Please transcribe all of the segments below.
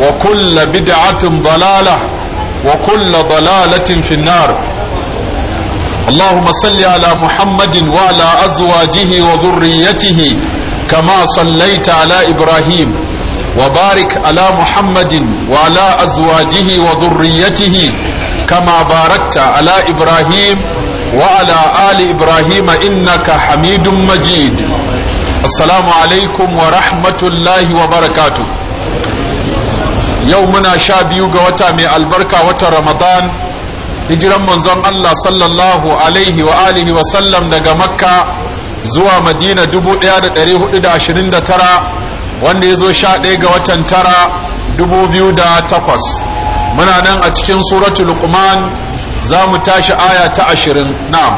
وكل بدعة ضلالة وكل ضلالة في النار اللهم صل على محمد وعلى أزواجه وذريته كما صليت على إبراهيم وبارك على محمد وعلى أزواجه وذريته كما باركت على إبراهيم وعلى آل إبراهيم إنك حميد مجيد السلام عليكم ورحمة الله وبركاته yau muna sha biyu ga wata mai albarka wata ramadan hijiran manzon Allah sallallahu alaihi wa alihi wa sallam daga makka zuwa madina 1429 wanda ya zo sha ɗaya ga watan tara 2008 muna nan a cikin suratul luqman za mu tashi aya ta ashirin na'am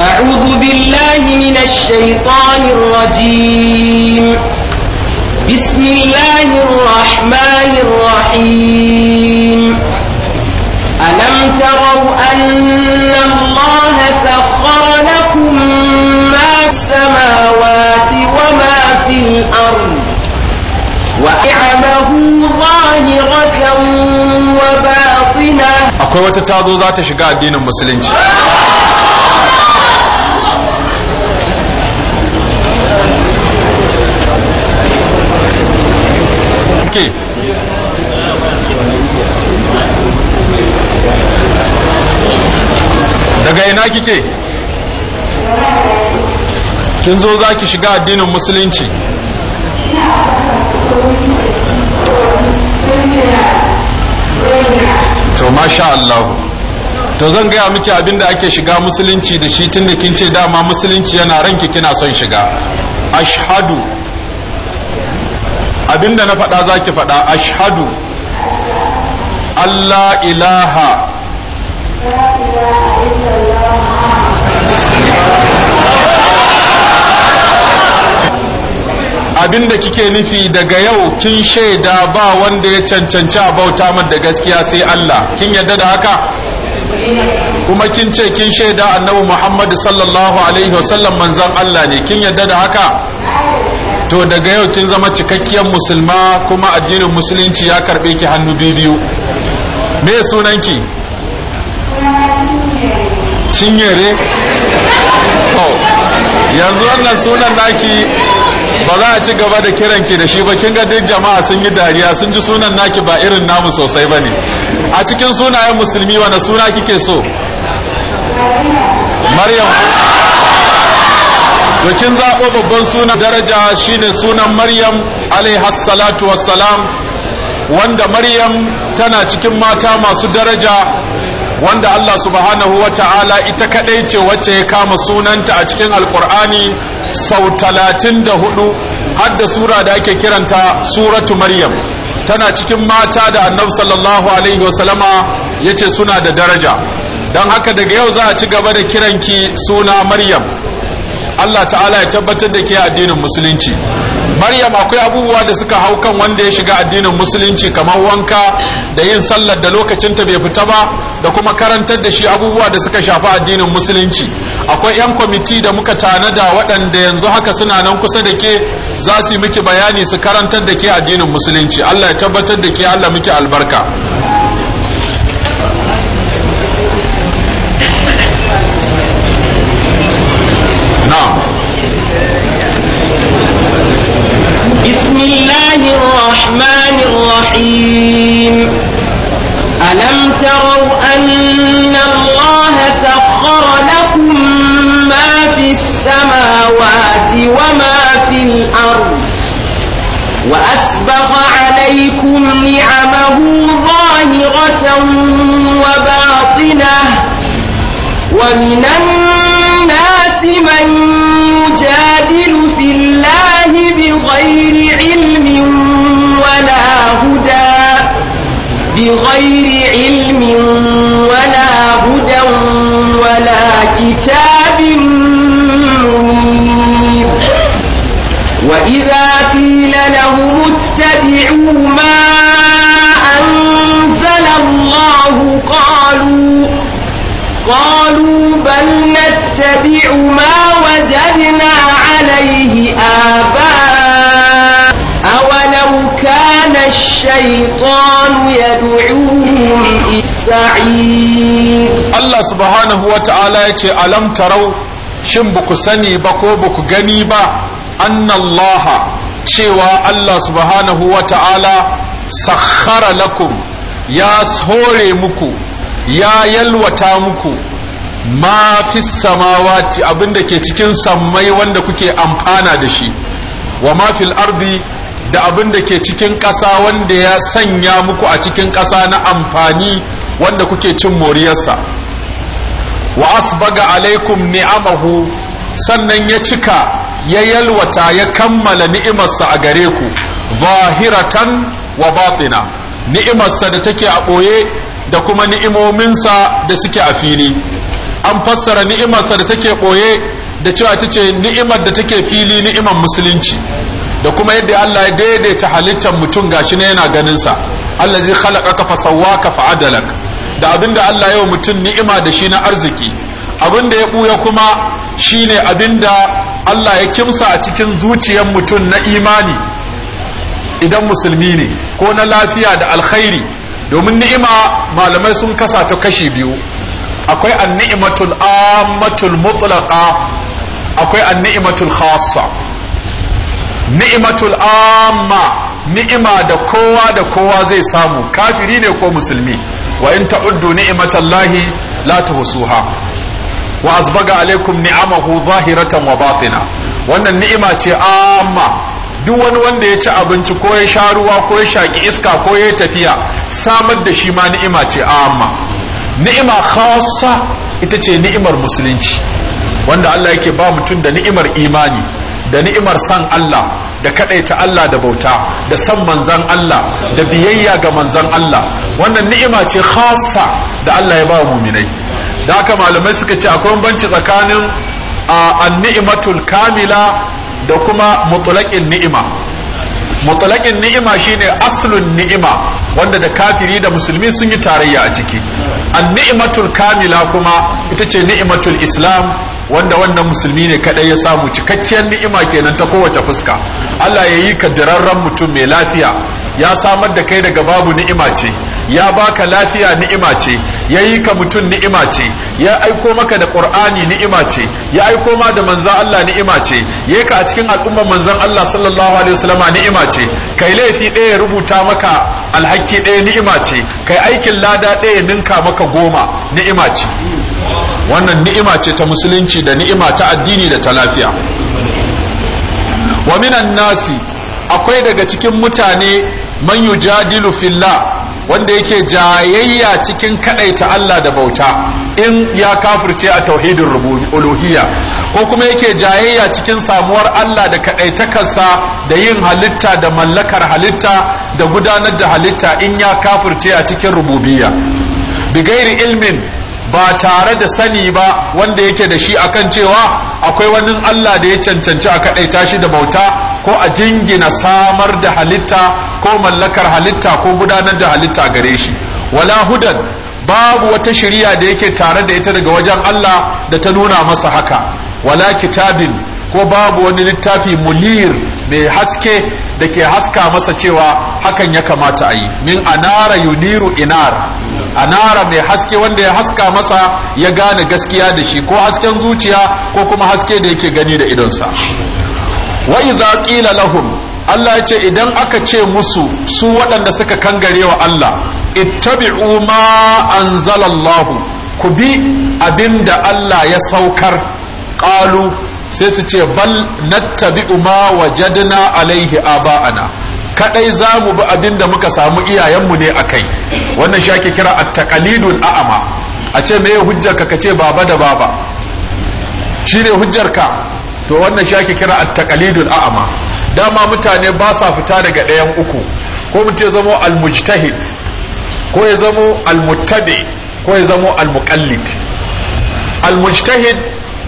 أعوذ بالله من الشيطان الرجيم بسم الله الرحمن الرحيم ألم تروا أن الله سخر لكم ما السماوات وما في الأرض وإعمه ظاهرة وباطنة أقوى تتعضو ذات شقاء الدين المسلمين ke daga ina kike kin zo za ki shiga addinin musulunci to masha Allah to zan gaya miki abin da ake shiga musulunci da shi tun kin ce dama musulunci yana ranki kina son shiga ashhadu abinda na faɗa za ki faɗa ashhadu Allah ilaha abinda kike nufi daga yau kin shaida ba wanda ya cancanci a bauta da gaskiya sai Allah kin yadda da haka kuma kin ce kin shaida annabi Muhammad sallallahu alaihi wasallam manzan Allah ne kin yadda da haka to daga yau kin zama cikakkiyar musulma kuma addinin musulunci ya karbe ki hannu biyu me sunanki cinyere to yanzu wannan sunan naki ba za a ci gaba da kiran ki da shi ba kin ga duk jama'a sun yi dariya sun ji sunan naki ba irin namu sosai ba ne. a cikin sunayen musulmi wani suna kike so maryam to kin zaɓo babban sunan daraja shine sunan maryam alaihi salatu wassalam wanda maryam tana cikin mata masu daraja wanda Allah subhanahu wa ta'ala ita kaɗai ce wacce ya kama sunanta a cikin alkur'ani sau talatin da hudu har da sura da ake kiranta suratu maryam tana cikin mata da annabi sallallahu alaihi wasallama ya suna da daraja don haka daga yau za a ci gaba da kiranki suna maryam Allah ta'ala ya tabbatar da ke addinin musulunci Maryam akwai abubuwa da suka hau kan wanda ya shiga addinin musulunci kamar wanka da yin sallar da lokacin ta bai fita ba da kuma karantar da shi abubuwa da suka shafi addinin musulunci akwai 'yan kwamiti da muka tanada waɗanda yanzu haka suna nan kusa da ke za su yi miki bayani su karantar da ke addinin musulunci Allah ya tabbatar da ke Allah miki albarka وباطنه ومن الناس من يجادل في الله بغير علم ولا هدى بغير علم نتبع ما وجدنا عليه آباء أولو كان الشيطان يدعوهم السعير الله سبحانه وتعالى يتي ألم تروا shin ba ku sani ba ko baku gani ba annallaha cewa Allah subhanahu wa ta'ala sakhara lakum ya hore muku ya yalwata muku ma fi samawati abinda ke cikin sammai wanda kuke amfana da shi wa ma fil ardi da abinda ke cikin ƙasa wanda ya sanya muku a cikin ƙasa na amfani wanda kuke cin moriyarsa wa asbaga alaikum ni'amahu sannan ya cika ya yalwata ya kammala ni'imarsa a gare ku zahiratan wa batina ni'imarsa da take a ɓoye da kuma ni'imominsa da suke a fili an fassara ni'imarsa da take ɓoye da cewa tace ce ni'imar da take fili ni'imar musulunci da kuma yadda Allah ya daidaita halittar mutum gashi ne yana ganinsa Allah zai khalaqaka fa fasawa fa adalak da abinda Allah ya mutum ni'ima da shi na arziki abinda ya buya kuma shi shine abinda Allah ya kimsa a cikin zuciyar mutum na imani idan musulmi ne ko na lafiya da alkhairi domin ni'ima malamai sun kasa ta kashi biyu akwai annimatul ammatul mutlaqa akwai annimatul khassa ni'imatul amma ni'ima da kowa da kowa zai samu kafiri ne ko musulmi wa in ta'uddu ni'imatallahi la tuhsuha wa azbaga alaikum ni'amahu zahiratan wa batina wannan ni'ima ce amma duk wani wanda ya ci abinci ko ya sha ruwa ko ya shaki iska ko ya tafiya samar da shi ma ni'ima ce amma ni'ima khassa ita ce ni'imar musulunci wanda Allah yake ba mutum da ni'imar imani da ni'imar san Allah da kadaita Allah da bauta da san manzan Allah da biyayya ga manzan Allah wannan ni'ima ce khassa da Allah ya ba muminai da haka malamai suka ce akwai banci tsakanin an-ni'matul kamila da kuma mutlaqin ni'ima mutlaqin ni'ima shine aslun ni'ima wanda da kafiri da musulmi sun yi tarayya a ciki an ni'matul kamila kuma ita ce ni'matul islam wanda wannan musulmi ne kadai ya samu cikakkiyar ni'ima kenan ta kowace fuska Allah ya yi ka jirarren mutum mai lafiya ya samar da kai daga babu ni'ima ce ya baka lafiya ni'ima ce ya yi ka mutum ni'ima ce ya aiko maka da qur'ani ni'ima ce ya aiko ma da manzan Allah ni'ima ce ya ka a cikin al'ummar manzan Allah sallallahu alaihi wasallama ni'ima ce kai laifi ɗaya rubuta maka alhaki ɗaya ni'ima ce kai aikin lada ɗaya ninka maka maka goma ni'ima ce wannan ni'ima ce ta musulunci da ni'ima ta addini da ta lafiya wa minan nasi akwai daga cikin mutane man yujadilu fillah wanda yake jayayya cikin kadaita Allah da bauta in ya kafirce a tauhidin uluhiyya ko kuma yake jayayya cikin samuwar Allah da kadaitakarsa da yin halitta da mallakar halitta da gudanar da halitta in ya kafirce a cikin rububiyya bigairi ilmin ba tare da sani ba wanda yake da shi akan cewa akwai wani Allah da ya cancanci a kaɗaita shi da bauta ko a jingina samar da halitta ko mallakar halitta ko gudanar da halitta gare shi wala hudan babu wata shiriya da yake tare da ita daga wajen Allah da ta nuna masa haka wala kitabin ko babu wani littafi mulir mai haske da ke haska masa cewa hakan ya kamata a yi min anara yuniru inar a nara mai haske wanda ya haska masa ya gane gaskiya da shi ko hasken zuciya ko kuma haske da yake gani da idonsa wa idza qila lahum Allah ya ce idan aka ce musu su waɗanda suka kangare wa Allah ittabi'u ma anzalallahu ku bi abinda Allah ya saukar qalu sai su ce bal nattabi'u ma wajadna alaihi aba'ana kadai za mu bi abin da muka samu iyayenmu ne a kai wannan shi ake kira at-taqalidul a'ama a ce me hujjar ka kace baba da baba shine hujjar ka to wannan shi ake kira at-taqalidul a'ama dama mutane ba sa fita daga ɗayan uku ko mutum ya zamo al-mujtahid ko ya zamo al ko ya zamo al-muqallid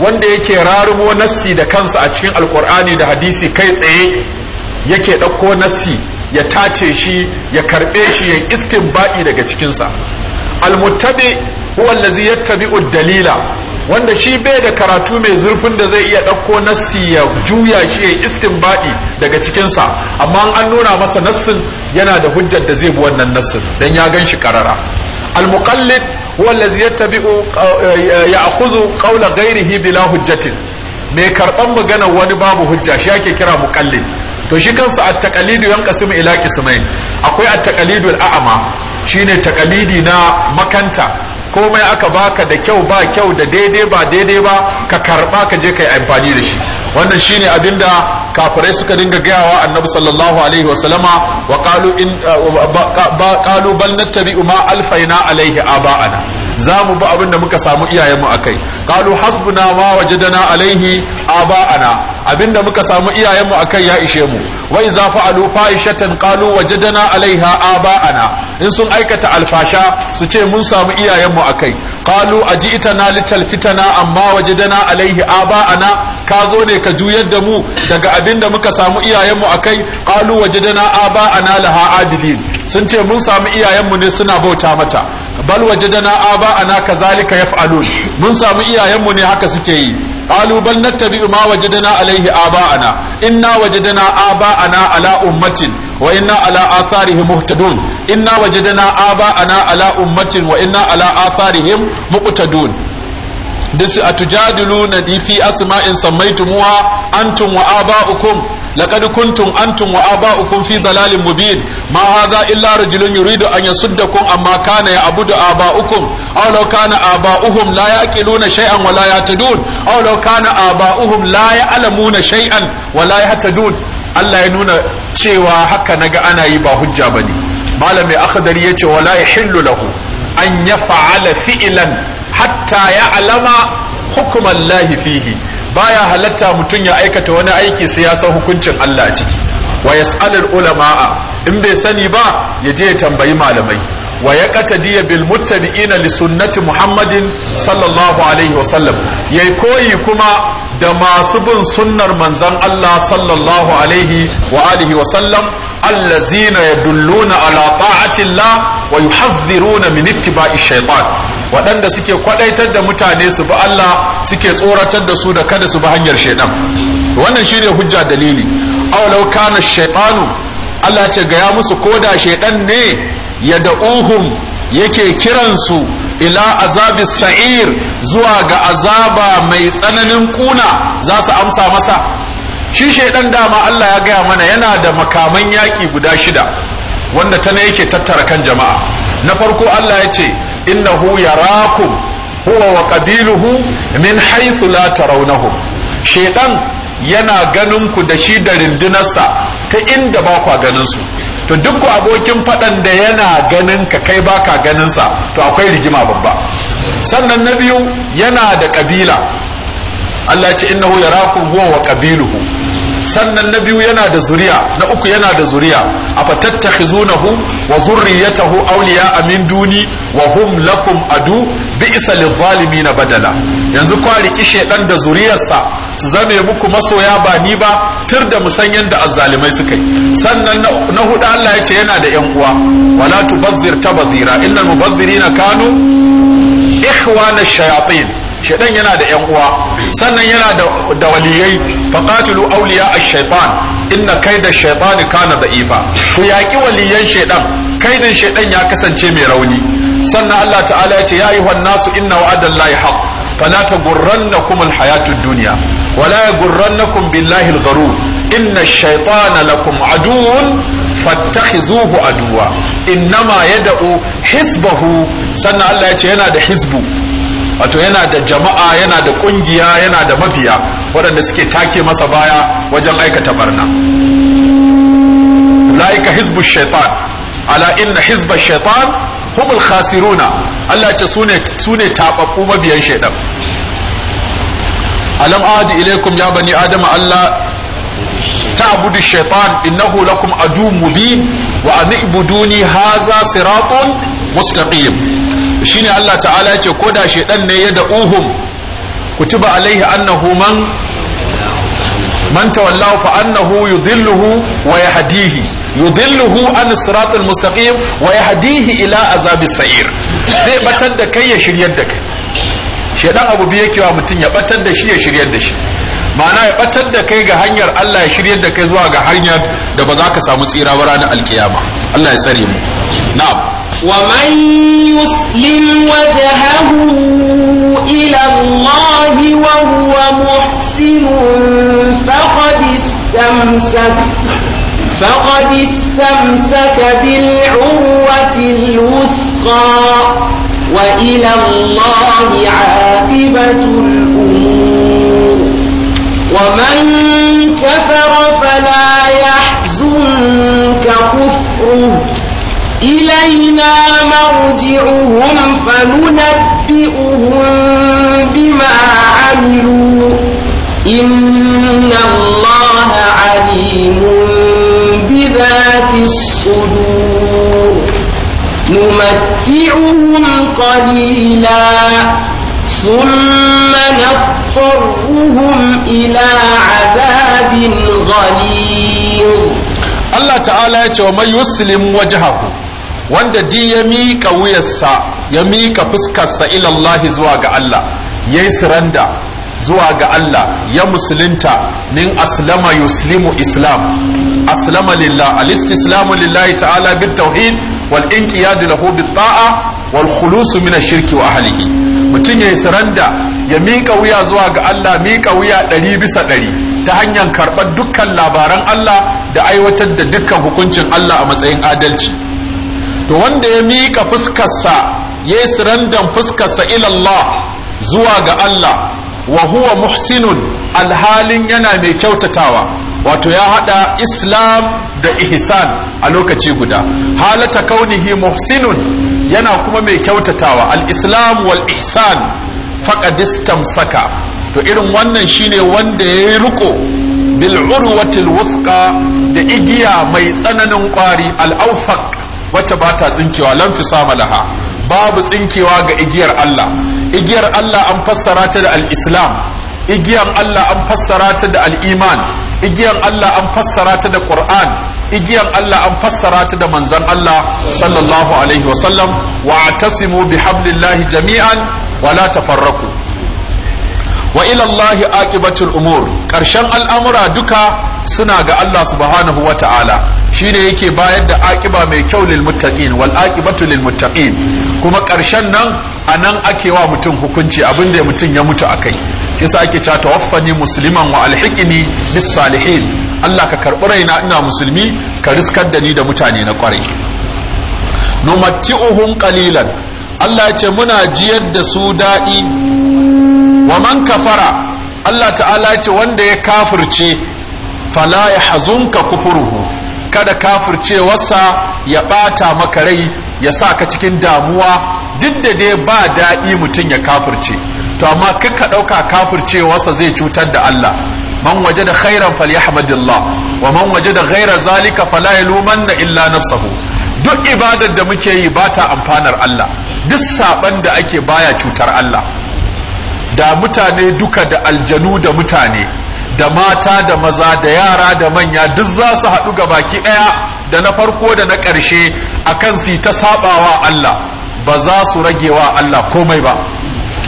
wanda yake rarumo nassi da kansa a cikin alkur'ani da hadisi kai tsaye yake ɗauko nasi ya tace shi ya karɓe shi ya istinbaɗi daga cikinsa almuttabi huwa allazi yattabi'u dalila wanda shi bai da karatu mai zurfin da zai iya ɗauko nassi ya juya shi ya istinbadi daga cikinsa amma an nuna masa nassin yana da hujjar da zai bi wannan nassin dan ya ganshi shi karara المقلد هو الذي يتبع ياخذ قول غيره بلا حجه mai karban maganar wani babu hujja shi ake kira muqallid to shi kansa at-taqlidu yanqasim ila qismain akwai at taqalidu al-a'ma shine taqalidi na makanta komai aka baka da kyau ba kyau da daidai ba daidai ba ka karba ka je kai amfani da shi wannan shine abinda kafirai suka dinga gayawa annabi sallallahu alaihi wa sallama wa qalu in uh, qalu bal nattabi'u ma alfaina alaihi aba'ana za mu bi abin da muka samu iyayenmu a kai qalu hasbuna ma wajadana alaihi aba'ana da muka samu iyayenmu a kai ya ishe mu wa idza fa'alu fa'ishatan qalu wajadana alaiha aba'ana in sun aikata alfasha su ce mun samu iyayenmu a kai qalu aji'tana fitana amma wajadana alaihi aba'ana ka zo ne ka juyar da mu daga abin da muka samu iyayenmu a kai qalu wajadana aba'ana laha adilin sun ce mun samu iyayenmu ne suna bauta mata bal wajadana aba ana kazalika yaf'alun mun samu iyayenmu ne haka suke yi qalu bal nattabi'u ma wajadana alaihi aba'ana inna wajadana aba'ana ala ummatin wa inna ala asarihim muhtadun inna wajadana aba'ana ala ummatin wa inna ala asarihim muqtadun disi tujadilu na fi asma'in sammaytumuha antum wa aba'ukum laqad kuntum antum wa aba'ukum fi dalalin mubin ma hadha illa rajulun yuridu an yasuddakum amma kana ya'budu aba'ukum aw law kana aba'uhum la yaqiluna shay'an wa la yahtadun aw law kana aba'uhum la ya'lamuna shay'an wa la yahtadun Allah ya nuna cewa haka naga ana yi ba hujja bane malam mai akhdar yace wala yahillu lahu an yaf'ala fi'lan hatta ya'lama hukm Allah fihi baya halatta mutun ya aikata wani aiki sai ya san hukuncin Allah a ciki wa ulama ulama'a in bai sani ba ya je ya tambayi malamai wa ya qatadiya bil muttabi'ina li sunnati muhammadin sallallahu alaihi wa sallam yayi koyi kuma da masu bin sunnar manzon Allah sallallahu alaihi wa alihi wa sallam allazina yadulluna ala ta'ati Allah wa yuhadhdhiruna min ittiba'i shaytan waɗanda suke kwadaitar da mutane su bi Allah suke tsoratar da su da kada su bi hanyar shaidan wannan shine hujja dalili aw law kana shaytanu Allah ce gaya musu ko da shaidan ne ya da'uhum yake kiransu ila azabis sa'ir zuwa ga azaba mai tsananin kuna za su amsa masa shi shaidan dama Allah ya gaya mana yana da makaman yaki guda shida wanda ta yake tattara kan jama'a na farko Allah ya ce innahu yarakum huwa wa qabiluhu min haythu la tarawnahu shaytan yana ganin ku da shi da rindunarsa ta inda ba ku ganin su to duk abokin faɗan da yana ganin ka kai baka ganin sa to akwai rigima babba sannan na biyu yana da kabila Allah ce innahu yarakum huwa wa qabiluhu sannan na biyu yana da zuriya na uku yana da zuriya A hu, wa zurriyatahu awliya min duni wa hum lakum adu bi isa bi'sa na badala yanzu kwari kishe shedan da zuriyarsa su zame muku masoya ba ni ba tur da musanyan da azzalimai suka yi sannan na hudu Allah ya ce yana da yan uwa wala tubazzir tabazira innal mubazzirina kanu ikhwana shayatin shaitan yana da yan uwa sannan yana da da waliyai faqatilu awliya ash-shaytan kai da shaytani kana da'ifa ku yaki waliyan shaitan kaidan shaitan ya kasance mai rauni sannan Allah ta'ala ya ce ya ayyuhan nasu inna wa'adallahi haqq fala taghurrannakum al-hayatud dunya wala yaghurrannakum billahi al-gharur inna ash-shaytana lakum aduwwun fattakhizuhu aduwa innama yad'u hisbahu sannan Allah ya ce yana da hisbu wato yana da jama'a yana da kungiya yana da mabiya waɗanda suke take masa baya wajen aikata barna laika hizbu shaitan ala inna hizba shaitan humul khasiruna Allah ce su ne taɓaɓɓu mabiyan shaitan alam ilaikum ya bani adama Allah تعبد الشيطان إنه لكم عدو مبين وأن اعبدوني haza siratun مستقيم shine Allah ta'ala yace ko da shedan ne ya da'uhum kutiba alaihi annahu man man tawallahu fa annahu yudhilluhu wa yahdihi yudhilluhu an siratal mustaqim wa yahdihi ila azabis sa'ir zai batar da kai ya shiryar da kai shedan abu biye kewa mutun ya batar da shi ya shiryar da shi ma'ana ya batar da kai ga hanyar Allah ya shiryar da kai zuwa ga hanyar da ba za ka samu tsira ba ranar alkiyama Allah ya tsare mu نعم ومن يسلم وجهه إلى الله وهو محسن فقد استمسك فقد استمسك بالعروة الوثقى وإلى الله عاقبة الأمور ومن كفر فلا يحزنك كفر إلينا مرجعهم فننبئهم بما عملوا إن الله عليم بذات الصدور نمتعهم قليلا ثم نضطرهم إلى عذاب غليظ الله تعالى يتوى من يسلم وجهه wanda di ya miƙa wuyarsa ya miƙa fuskarsa ilallahi zuwa ga Allah ya yi siranda zuwa ga Allah ya musulunta min aslama yuslimu islam aslama lillah alistislamu lillahi ta'ala bit tauhid wal inqiyadu lahu bit ta'a wal khulusu min ash-shirki wa ahlihi mutun yayi siranda ya miƙa wuya zuwa ga Allah miƙa wuya ɗari bisa ɗari ta hanyar karɓar dukkan labaran Allah da aiwatar da dukkan hukuncin Allah a matsayin adalci to wanda ya miƙa fuskarsa ya yi sirandan fuskarsa ilallah zuwa ga Allah wa huwa muhsinun alhalin yana mai kyautatawa wato ya hada islam da ihsan a lokaci guda halata kaunihi muhsinun yana kuma mai kyautatawa al-islam wal ihsan faqadistam saka to irin wannan shine wanda ya riko bil urwatil wuthqa da igiya mai tsananin kwari al-awfaq wacce ba ta tsinkewa fi sama laha babu tsinkewa ga igiyar Allah igiyar Allah an fassara ta da al-islam igiyar Allah an fassara ta da al-iman igiyar Allah an fassara ta da Qur'an igiyar Allah an fassara ta da manzon Allah sallallahu alaihi wa sallam wa atasimu bihablillahi jami'an wa la tafarraqu wa ilallahi aqibatul umur karshen al'amura duka suna ga Allah subhanahu wa ta'ala shine yake bayar da aqiba mai kyau lil muttaqin wal aqibatu lil muttaqin kuma karshen nan anan ake wa mutum hukunci abinda mutum ya mutu akai yasa ake cewa tawaffani musliman wa alhiqni bis salihin Allah ka karbi raina ina musulmi ka riskar da ni da mutane na kwarai numatti'uhum qalilan Allah ya ce muna jiyar da su daɗi wa man kafara Allah ta'ala ce wanda ya kafirce fala ya hazunka kufurhu? kada wasa ya bata maka rai ya sa ka cikin damuwa duk da dai ba daɗi mutum ya kafirce to amma dauka ɗauka wasa zai cutar da Allah man waje da khairan falyahmadillah wa man waje da ghaira zalika fala yalumanna illa nafsuhu duk ibadar da muke yi ba ta amfanar Allah duk saban da ake baya cutar Allah da mutane duka da aljanu da mutane da mata da maza da yara da manya duk za su haɗu ga baki ɗaya da na farko da na ƙarshe a kan su ta saɓawa Allah ba za su rage Allah komai ba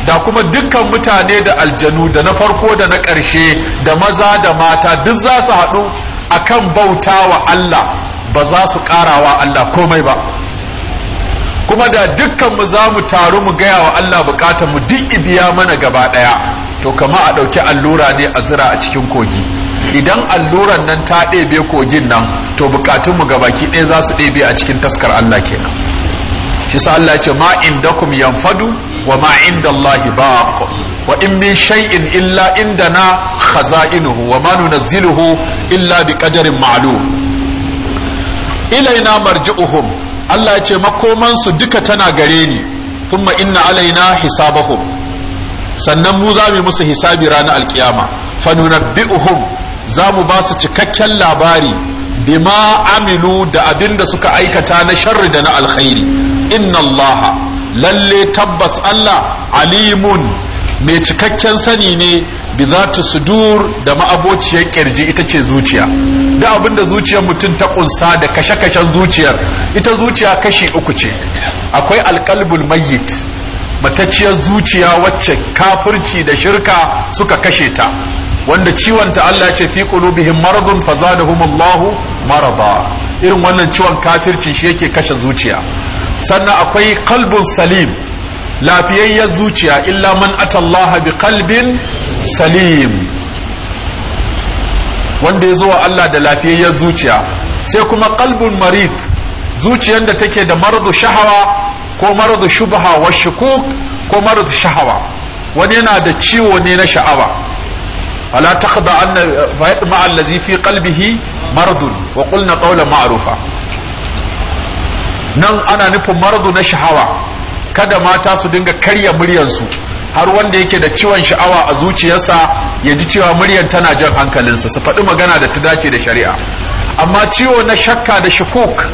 da kuma dukkan mutane da aljanu da na farko da na ƙarshe da maza da mata duk za su haɗu a kan bauta wa Allah ba za su ƙarawa Allah komai ba kuma da dukkan mu za mu taru mu gaya wa Allah bukatar mu duk ibiya mana gaba daya to kama a ɗauki allura ne a zira a cikin kogi idan alluran nan ta ɗebe kogin nan to bukatun mu gabaki ɗaya za su ɗebe a cikin taskar Allah kenan shi sa Allah ce ma indakum yanfadu wa ma inda baq wa in min shay'in illa indana khaza'inuhu wa ma nunazziluhu illa biqadarin ma'lum ilaina marji'uhum Allah ya ce makoman su duka tana gare ni thumma inna alaina hisabahum sannan mu za mu musu hisabi ranar alkiyama fa nunabbi'uhum za mu ba su cikakken labari bima amilu da abin da suka aikata na sharri da na alkhairi inna Allah lalle tabbas Allah alimun mai cikakken sani ne bi za ta sudur da ma'abociyar kirji ita ce zuciya da abinda zuciyar mutum ta kunsa da kashe-kashen zuciyar ita zuciya kashi uku ce akwai alkalbul mayyit matacciyar zuciya wacce kafirci da shirka suka kashe ta wanda ciwon ta Allah ce fi qulubihim maradun fazadahum Allah marada irin wannan ciwon kafirci shi yake kashe zuciya sannan akwai qalbun salim lafiyayyar zuciya illa man atallaha bi kalbin salim wanda ya zuwa Allah da lafiyayyar zuciya sai kuma kalbin marid zuciyar da take da maradu shahawa ko maradu shubha wa shukuk ko maradu shahawa wani yana da ciwo ne na sha'awa فلا تخضع أن lazifi kalbihi mardun قلبه مرض وقلنا ma'arufa. Nan ana nufin mardu na shahawa. kada mata su dinga karya muryarsu har wanda yake da ciwon sha'awa a zuciyarsa ya ji cewa muryar tana jan hankalinsa su faɗi magana da ta dace da shari'a amma ciwo na shakka da shukuk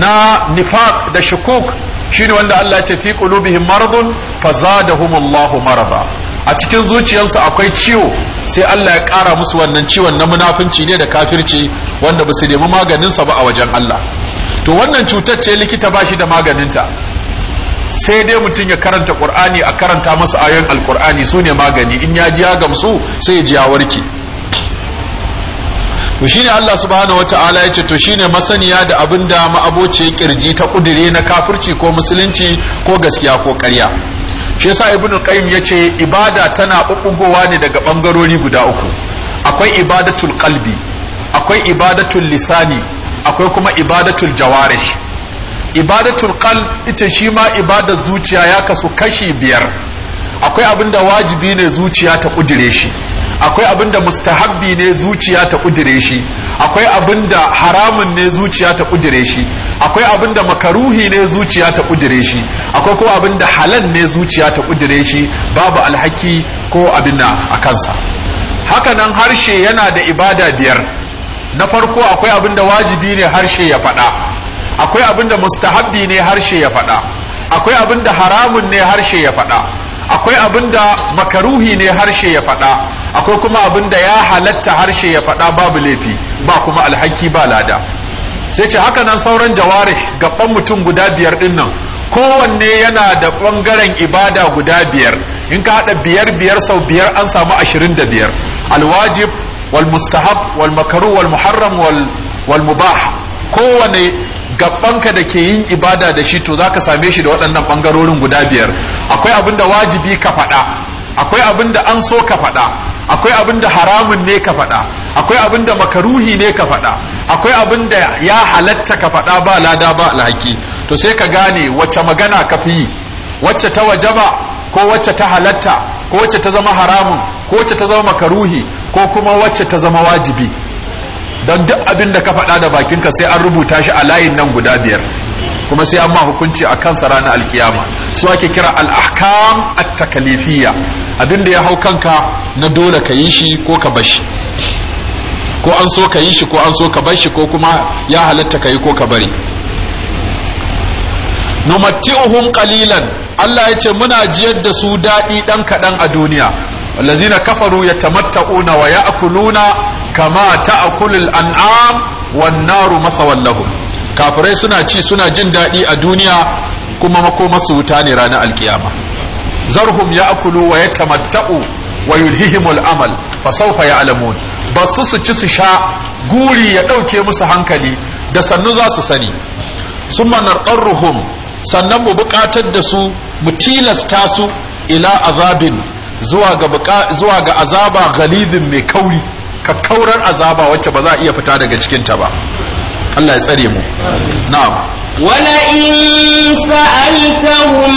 na nifaq da shukuk shine wanda Allah ce fi qulubihim maradun fazadahumullahu marada a cikin zuciyarsu akwai ciwo sai Allah ya ƙara musu wannan ciwon na munafunci ne da kafirci wanda ba su nemi maganin sa ba a wajen Allah to wannan cutar ce likita ba shi da maganinta sai dai mutum ya karanta qur'ani a karanta masa ayoyin alqur'ani su ne magani in ya ji ya gamsu sai ya ji ya warke to shine Allah subhanahu ya ce to shine masaniya da abin da ma'aboci kirji ta ƙudire na kafirci ko musulunci ko gaskiya ko ƙarya shi yasa ibnu ya ce ibada tana bubbugowa ne daga ɓangarori guda uku akwai ibadatul qalbi akwai ibadatul lisani akwai kuma ibadatul jawarih ibadatul qalb ita shi ma ibadar zuciya ya kasu kashi biyar akwai abin da wajibi ne zuciya ta kudire shi akwai abin da mustahabbi ne zuciya ta kudire shi akwai abin da haramun ne zuciya ta kudire shi akwai abin da makaruhi ne zuciya ta kudire shi akwai ko abin da halal ne zuciya ta kudire shi babu alhaki ko abin da a kansa haka nan harshe yana da ibada biyar na farko akwai abin da wajibi ne harshe ya faɗa akwai abin da mustahabbi ne harshe ya faɗa akwai abin da haramun ne harshe ya faɗa akwai abin da makaruhi ne harshe ya faɗa akwai kuma abin da ya halatta harshe ya faɗa babu laifi ba kuma alhaki ba lada sai ce haka nan sauran jaware gaban mutum guda biyar din nan kowanne yana da ɓangaren ibada guda biyar in ka haɗa biyar biyar sau biyar an samu ashirin da biyar alwajib wal mustahab wal makaru wal muharram wal mubah kowane gabbanka da ke yin ibada da shi to za ka same shi da waɗannan ɓangarorin guda biyar akwai abin da wajibi ka faɗa akwai abin da an so ka faɗa akwai abin da haramun ne ka faɗa akwai abin da makaruhi ne ka faɗa akwai abin da ya halatta ka faɗa ba lada ba alhaki to sai ka gane wacce magana ka fi wacce ta wajaba ko wacce ta halatta ko wacce ta zama haramun ko wacce ta zama makaruhi ko kuma wacce ta zama wajibi don duk abin da ka faɗa da bakinka sai an rubuta shi a layin nan guda biyar kuma sai an ma hukunci a kansa ranar alkiyama su ake kira al'ahkam at-takalifiyya abin da ya hau kanka na dole ka yi shi ko ka shi. ko an so ka yi shi ko an so ka bashi ko kuma ya halatta ka yi ko ka bari numatti'uhum qalilan Allah ya ce muna jiyar da su daɗi ɗan kaɗan a duniya allazina kafaru yatamatta'una wa ya'kuluna kama ta'kulul an'am wan naru masawal lahum kafirai suna ci suna jin daɗi a duniya kuma makomasu wuta ne ranar alkiyama zarhum ya'kulu wa yatamatta'u wa yulhihimul amal fa sawfa ya'lamun basu su ci su sha guri ya ɗauke musu hankali da sannu za su sani summa narqarruhum sannan mu buƙatar da su mu tilasta su ila azabin zuwa ga azaba galibin mai kauri kakkaurar azaba wacce ba za a iya fita daga cikinta ba Allah ya tsare mu na'am wala in sa'altahum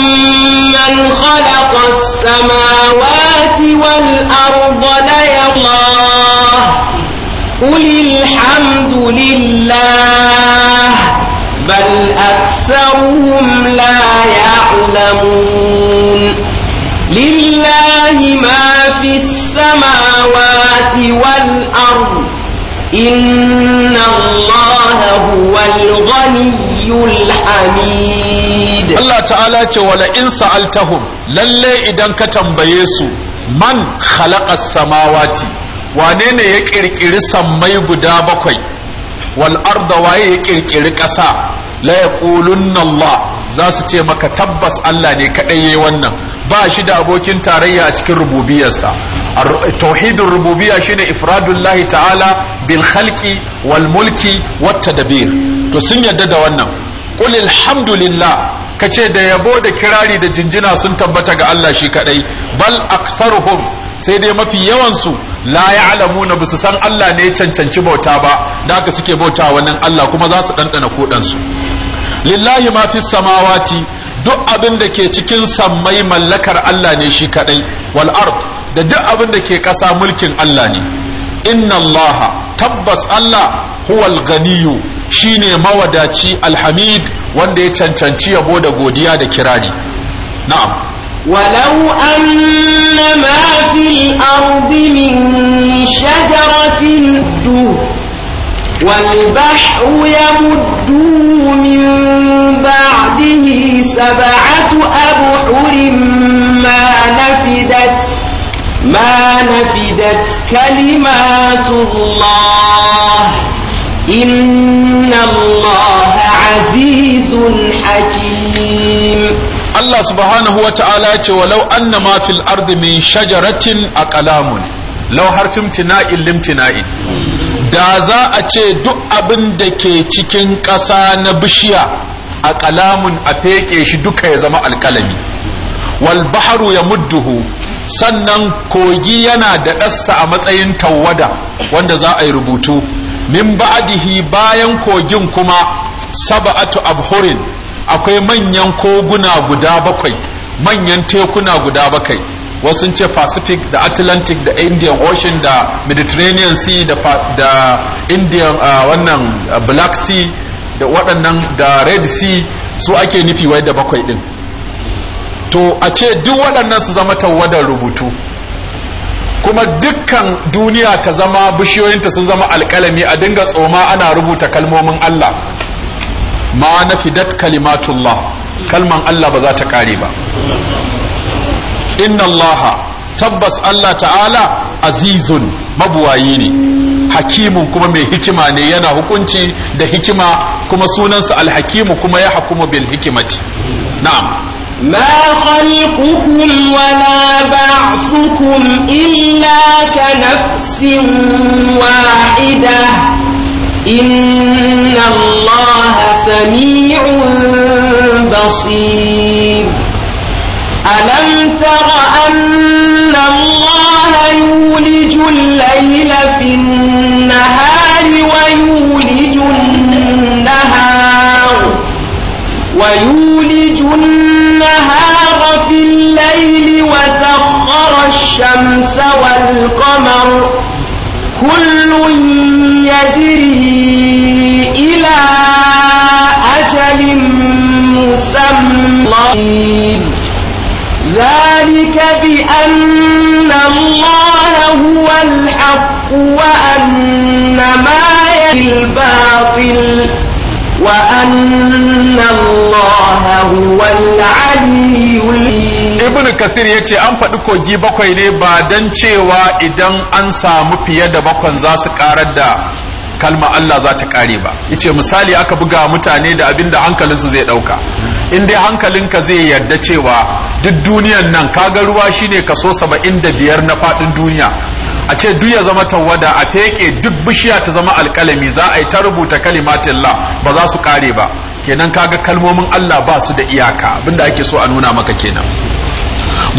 man khalaqa as-samawati wal arda la yallah qul alhamdulillah bal aktharuhum la ya'lamun لله ما في السماوات والأرض إن الله هو الغني الحميد الله تعالى ولا إن سألتهم للي إذا كتم بيسو من خلق السماوات wane ne ya ƙirƙiri sammai guda bakwai wal waye ya kirkiri ƙasa la yaqulunna Allah za su ce maka tabbas Allah ne kadai yayi wannan ba shi da abokin tarayya a cikin rububiyarsa tauhidur rububiyya shine ifradullahi ta'ala bil khalqi wal mulki wat tadbir to sun yadda da wannan qul ka kace da yabo da kirari da jinjina sun tabbata ga Allah shi kadai bal aktharuhum sai dai mafi yawan su la ya'lamuna bisu san Allah ne cancanci bauta ba da haka suke bauta wannan Allah kuma za su dandana kodan su lillahi ma fis samawati duk abin da ke cikin sammai mallakar Allah ne shi kadai wal ard da duk abin da ke ƙasa mulkin Allah ne inna tabbas allah huwal ganiyu shine mawadaci alhamid wanda ya cancanci yabo da godiya da kirari na'am ولو أن ما في الأرض من شجرة والبحر يمده من بعده سبعة أبحر ما نفدت ما نفدت كلمات الله إن الله عزيز حكيم Allah subhanahu wa ta'ala ce walau anna ma fil ardi min shajaratin aqlamun law harfin tina'in limtina'in da za a ce duk abin da ke cikin ƙasa na bishiya a kalamun a feƙe shi duka ya zama alƙalami wal baharu ya mudduhu sannan kogi yana da ɗassa a matsayin tawada wanda za a yi rubutu min ba'adihi bayan kogin kuma sab'atu abhurin akwai manyan koguna guda bakwai manyan tekuna guda bakwai wasu ce pacific da atlantic da indian ocean da mediterranean sea da, da indian uh, wannan uh, black sea da waɗannan da red sea su ake nufi wai da bakwai ɗin to a ce duk waɗannan su zama tawadar rubutu kuma dukkan duniya ta zama bishiyoyinta sun zama alƙalami a dinga tsoma ana rubuta kalmomin Allah ma na fidat kalimatullah kalman Allah ba za ta ƙare ba inna Allah tabbas Allah ta'ala azizun mabuwayi ne hakimun kuma mai hikima ne yana hukunci da hikima kuma sunansa alhakimu kuma ya hakuma bil hikimati نعم ما خلقكم ولا بعثكم إلا كنفس واحدة إن الله سميع بصير ألم تر أن الله يولج الليل في النهار ويولج ويولج النهار في الليل وسخر الشمس والقمر كل يجري إلى أجل مسمى ذلك بأن الله هو الحق وأن ما الباطل وأن الله ibn kasir ya ce an faɗi kogi bakwai ne ba don cewa idan an samu fiye da bakwan za su ƙarar da kalma Allah za ta ƙare ba Ice misali aka buga mutane da abin da hankalinsu zai ɗauka in dai hankalinka zai yarda cewa duk duniyan nan kaga ruwa shine kaso saba'in da biyar na faɗin duniya a ce duk ya zama tawada a feke duk bishiya ta zama alkalami za a yi ta rubuta kalimatin la ba za su kare ba kenan kaga kalmomin Allah ba su da iyaka abinda ake so a nuna maka kenan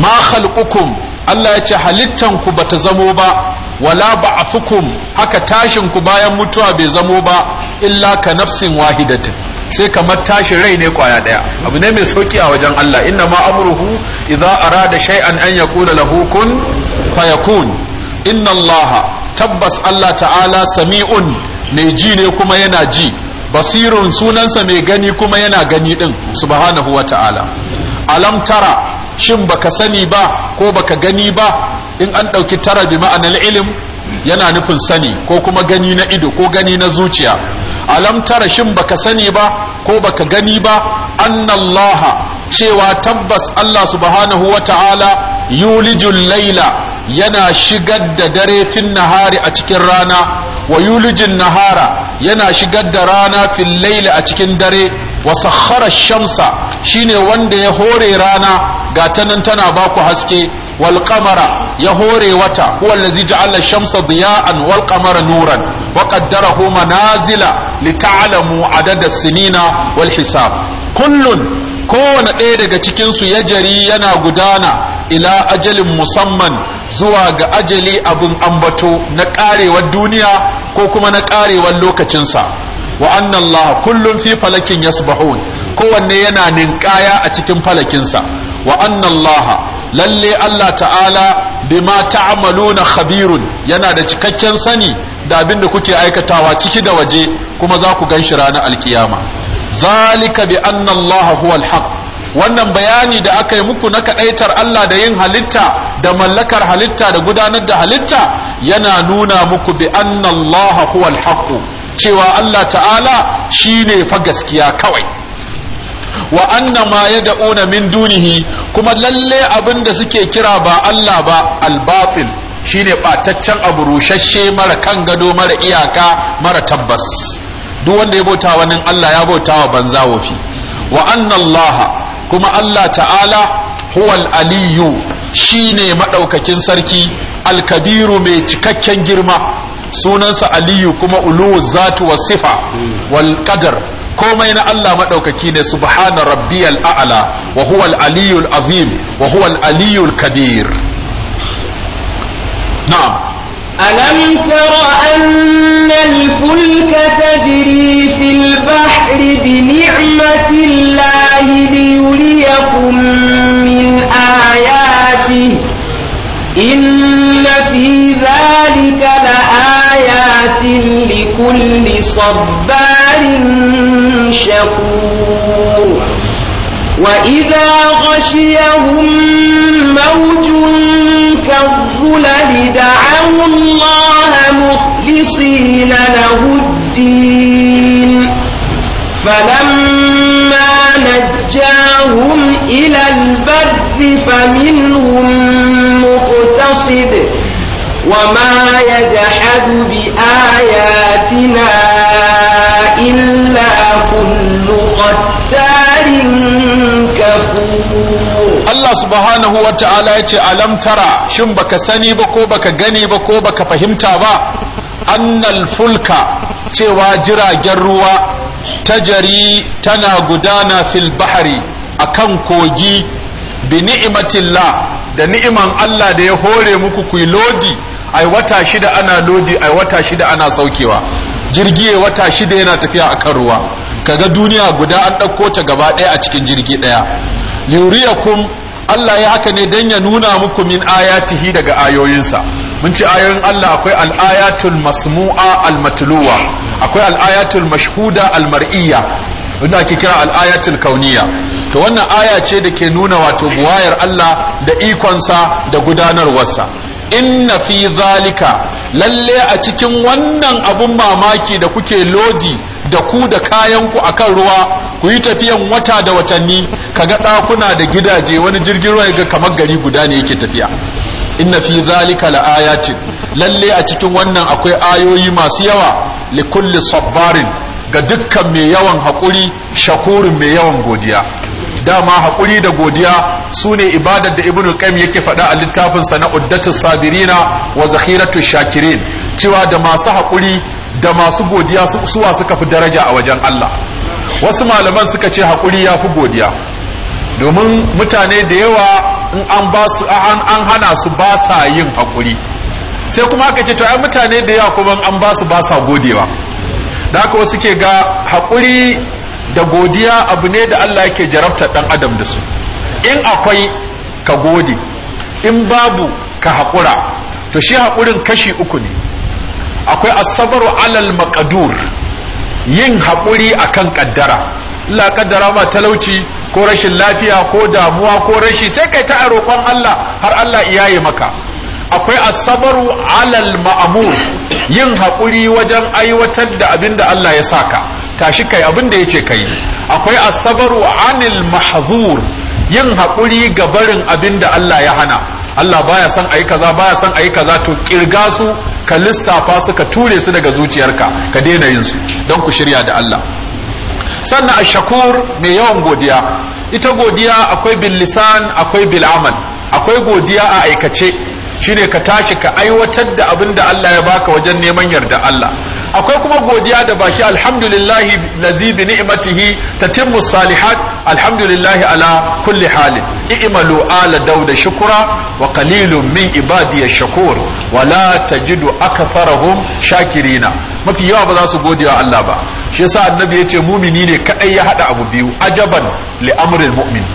ma khalqukum Allah ya ce halittan ku bata zamo ba wala ba'athukum haka tashin ku bayan mutuwa bai zamo ba illa ka nafsin wahidatin sai kamar tashi rai ne kwaya daya abu ne mai sauki a wajen Allah inna ma amruhu idza arada shay'an an yakuna lahu kun fayakun inna allaha tabbas allah ta'ala sami'un mai ji ne kuma yana ji basirun sunansa mai gani kuma yana gani din subhanahu wa ta'ala alam tara shin baka sani ba ko baka gani ba in an ɗauki tara bi ma'anar ilim yana nufin sani ko kuma gani na ido ko gani na zuciya alam tara shin baka sani ba ko baka gani ba annallaha cewa tabbas Allah subhanahu wa ta'ala yulijul laila yana shigar da dare fin nahari a cikin rana wa yulijin nahara yana shigar da rana fin laili a cikin dare wa sakhara shamsa shine wanda ya hore rana ga tanan tana baku haske Walƙamara ya hore wata huwa allazi ja'ala ash-shamsa diya'an wal qamara nuran wa qaddarahu manazila lita'lamu adada as-sinina wal hisab kullun kowane ɗaya daga cikin su ya jari yana gudana ila ajalin musamman zuwa ga ajali abin ambato na ƙarewar duniya ko kuma na karewar lokacinsa wa Allah kullum fi falakin yasbahun kowanne yana ninkaya a cikin falakinsa wa lallai Allah lalle Allah ta'ala bima ta'maluna khabirun yana da cikakken sani da abin da kuke aikatawa ciki da waje kuma za ku ganshi ranar alkiyama zalika bi anna Allah huwa haq wannan bayani da aka yi muku na kaɗaitar Allah da yin halitta da mallakar halitta da gudanar da halitta yana nuna muku bi anna Allah cewa Allah ta'ala shine fa gaskiya kawai wa anna ma yad'una min dunihi kuma lalle abin da suke kira ba Allah ba al-batil shine bataccen abu rushashe mara kan gado mara iyaka mara tabbas duk wanda ya bauta wani Allah ya bauta wa banza wofi wa anna Allah kuma Allah ta'ala huwal aliyu shi ne maɗaukakin sarki alkabiru mai cikakken girma sunansa aliyu kuma uluwu zatu wa sifa wal qadar komai na Allah maɗaukaki ne subhana rabbiyal a'la wa huwal aliyul azim wa huwal aliyul kabir na'am ألم تر أن الفلك تجري في البحر بنعمة الله ليريكم من آياته إن في ذلك لآيات لكل صبار شكور وإذا غشيهم موج الظلل دعوا الله مخلصين له الدين فلما نجاهم إلى البر فمنهم مقتصد وما يجحد بآياتنا إلا كل ختار Allah subhanahu wa ta'ala ya ce alam tara shin baka sani ba ko baka gani ba ko baka fahimta ba annal fulka cewa jiragen ruwa tajari tana gudana fil bahari akan kogi bi ni'matillah da ni'iman Allah da ya hore muku ku lodi ai wata shida ana lodi ai wata shida ana saukewa jirgi wata shida yana tafiya akan ruwa kaga duniya guda an ɗauko ta gaba ɗaya a cikin jirgi ɗaya kum. Allah ya haka ne don ya nuna muku min ayatihi daga ayoyinsa mun ci ayoyin Allah akwai al'ayatul masmu'a al akwai al'ayatul mashhuda al-mar'iyya wanda ake kira al'ayatul kauniya to wannan aya ce da ke nuna wato buwayar Allah da ikonsa da gudanarwarsa inna fi zalika lalle a cikin wannan abun mamaki da kuke lodi da ku da kayanku akan ruwa ku yi tafiyan wata da watanni kaga ɗakuna da gidaje wani jirgin ruwa ga kamar gari guda ne yake tafiya inna fi zalika ayatin lalle a cikin wannan akwai ayoyi masu yawa li kulli sabbarin ga dukkan mai yawan haƙuri shakurin mai yawan godiya dama hakuri da godiya su ne ibadar da ibn qayyim yake faɗa a littafinsa na uddatus sabirina wa zakhiratu shakirin cewa da masu haƙuri da masu godiya suwa suka fi daraja a wajen Allah wasu malaman suka ce hakuri ya fi godiya domin mutane da yawa in an ba su an hana su ba sa yin hakuri. sai kuma aka ce to ai mutane da yawa kuma an ba su ba sa godewa da haka wasu ke ga haƙuri da godiya abu ne da Allah yake jarabta ɗan adam da su in akwai ka gode in babu ka haƙura to shi haƙurin kashi uku ne akwai asabar alal Maƙadur yin haƙuri akan ƙaddara Allah ƙaddara ma talauci ko rashin lafiya ko damuwa ko rashi sai kai ta roƙon Allah har Allah iyaye maka akwai asabaru alal ma'amur yin haƙuri wajen aiwatar da abin da Allah ya saka tashi kai abin da ya ce kai akwai asabaru anil mahzur yin haƙuri ga barin abin da Allah ya hana Allah baya son ayi kaza baya son ayi kaza to kirga su ka lissafa su ka ture su daga zuciyarka ka daina yin su don ku shirya da Allah sannan ashakur mai yawan godiya ita godiya akwai bil lisan akwai bil amal akwai godiya a aikace shine ka tashi ka aiwatar da abin da Allah ya baka wajen neman yarda Allah akwai kuma godiya da baki alhamdulillahi lazi bi ni'matihi tatimmu salihat alhamdulillahi ala kulli halin i'malu ala dauda shukura wa qalilun min ibadiy shakur wa la tajidu aktharahum shakirina mafi yawa ba za su gode wa Allah ba shi yasa annabi yace mumini ne kadai ya hada abu biyu ajaban li amril mu'min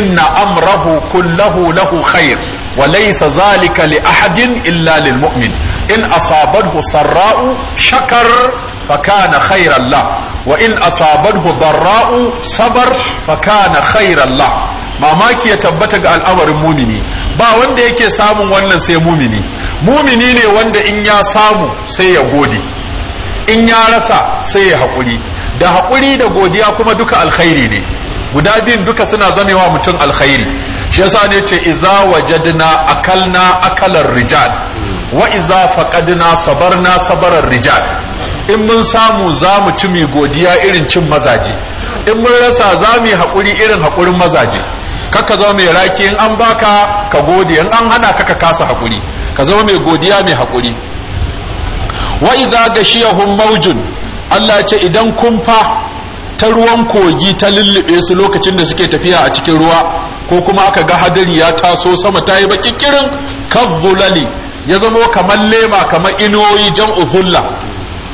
inna amrahu kullahu lahu khair wa laysa zalika li ahadin illa lil mu'min in asabathu sarra'u shakar fa na khayran la wa in asabathu darra'u sabar fa na khayran la mamaki ya tabbata ga al'amarin mumini ba wanda yake samun wannan sai mumini mumini ne wanda in ya samu sai ya gode in ya rasa sai ya haƙuri da haƙuri da godiya kuma duka alkhairi ne guda biyun duka suna zamewa mutum alkhairi shi yasa ne ce iza wajadna akalna akalar rijal wa iza faqadna sabarna sabarar rijal in mun samu za mu ci mai godiya irin cin mazaje in mun rasa za mu yi haƙuri irin hakurin mazaje kaka zama mai raki in an baka ka gode in an hana kaka kasa hakuri. ka zama mai godiya mai haƙuri wa iza gashiyahum mawjun Allah ce idan kun fa ta ruwan kogi ta lullube su lokacin da suke tafiya a cikin ruwa ko kuma aka ga hadari ya taso sama ta yi bakin kirin ya zamo kamar lema kamar inuwoyi jan uzulla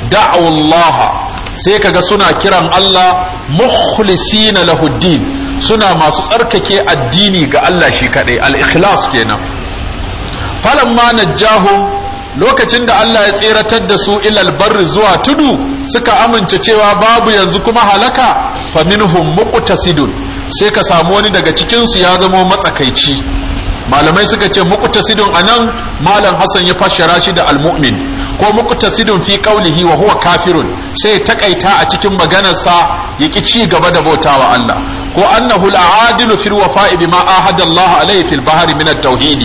da'awallaha sai kaga suna kiran Allah na lahuddin suna masu tsarkake addini ga Allah shi kadai al-ikhlas kenan Falon ma Najjahu. lokacin da Allah ya tseratar da su ilal barri zuwa tudu suka amince cewa babu yanzu kuma halaka fa minhum muqtasidun sai ka samu wani daga cikin su ya zama matsakaici malamai suka ce muqtasidun anan malam Hassan ya fashara shi da almu'min ko muqtasidun fi qawlihi wa huwa kafirun sai ya takaita a cikin maganarsa ya ci gaba da bautawa Allah ko annahu al'adilu fil wafa'i bima ahada Allah alayhi fil bahri min at-tauhid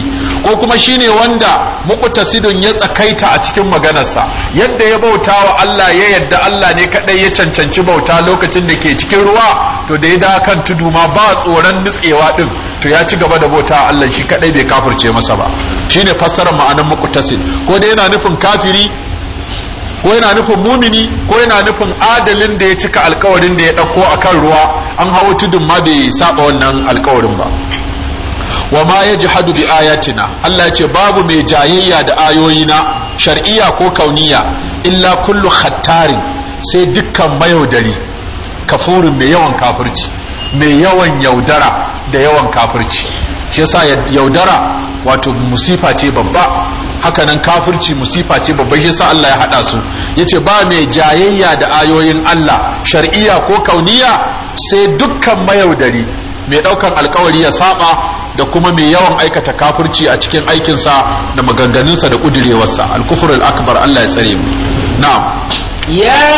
ko kuma shine wanda muqtasidun ya tsakaita a cikin maganarsa yadda ya bauta wa Allah ya yadda Allah ne kadai ya cancanci bauta lokacin da ke cikin ruwa to da ya da kan tudu ma ba tsoron nitsewa din to ya ci gaba da bauta Allah shi kadai bai kafirce masa ba shine fassarar ma'anar muqtasid ko da yana nufin kafiri ko yana nufin mumini ko yana nufin adalin da ya cika alkawarin da ya ɗauko a kan ruwa an hawo tudun ma bai saba wannan alkawarin ba wa ma ya ji jihadu bi ayatina Allah ce babu mai jayayya da ayoyina shar'iyya ko kauniya illa kullu khattarin sai dukkan mayaudari kafurin mai yawan kafirci mai yawan yaudara da yawan kafirci shi yasa yaudara wato musifa ce babba haka nan kafirci musifa ce babban sa Allah ya hada su yace ba mai jayayya da ayoyin Allah shar'iyya ko kauniya sai dukkan mayaudari mai daukan alkawari ya saba da kuma mai yawan aikata kafirci a cikin aikin sa da maganganunsa da kudurewarsa al-kufr al-akbar Allah ya tsare mu na'am يا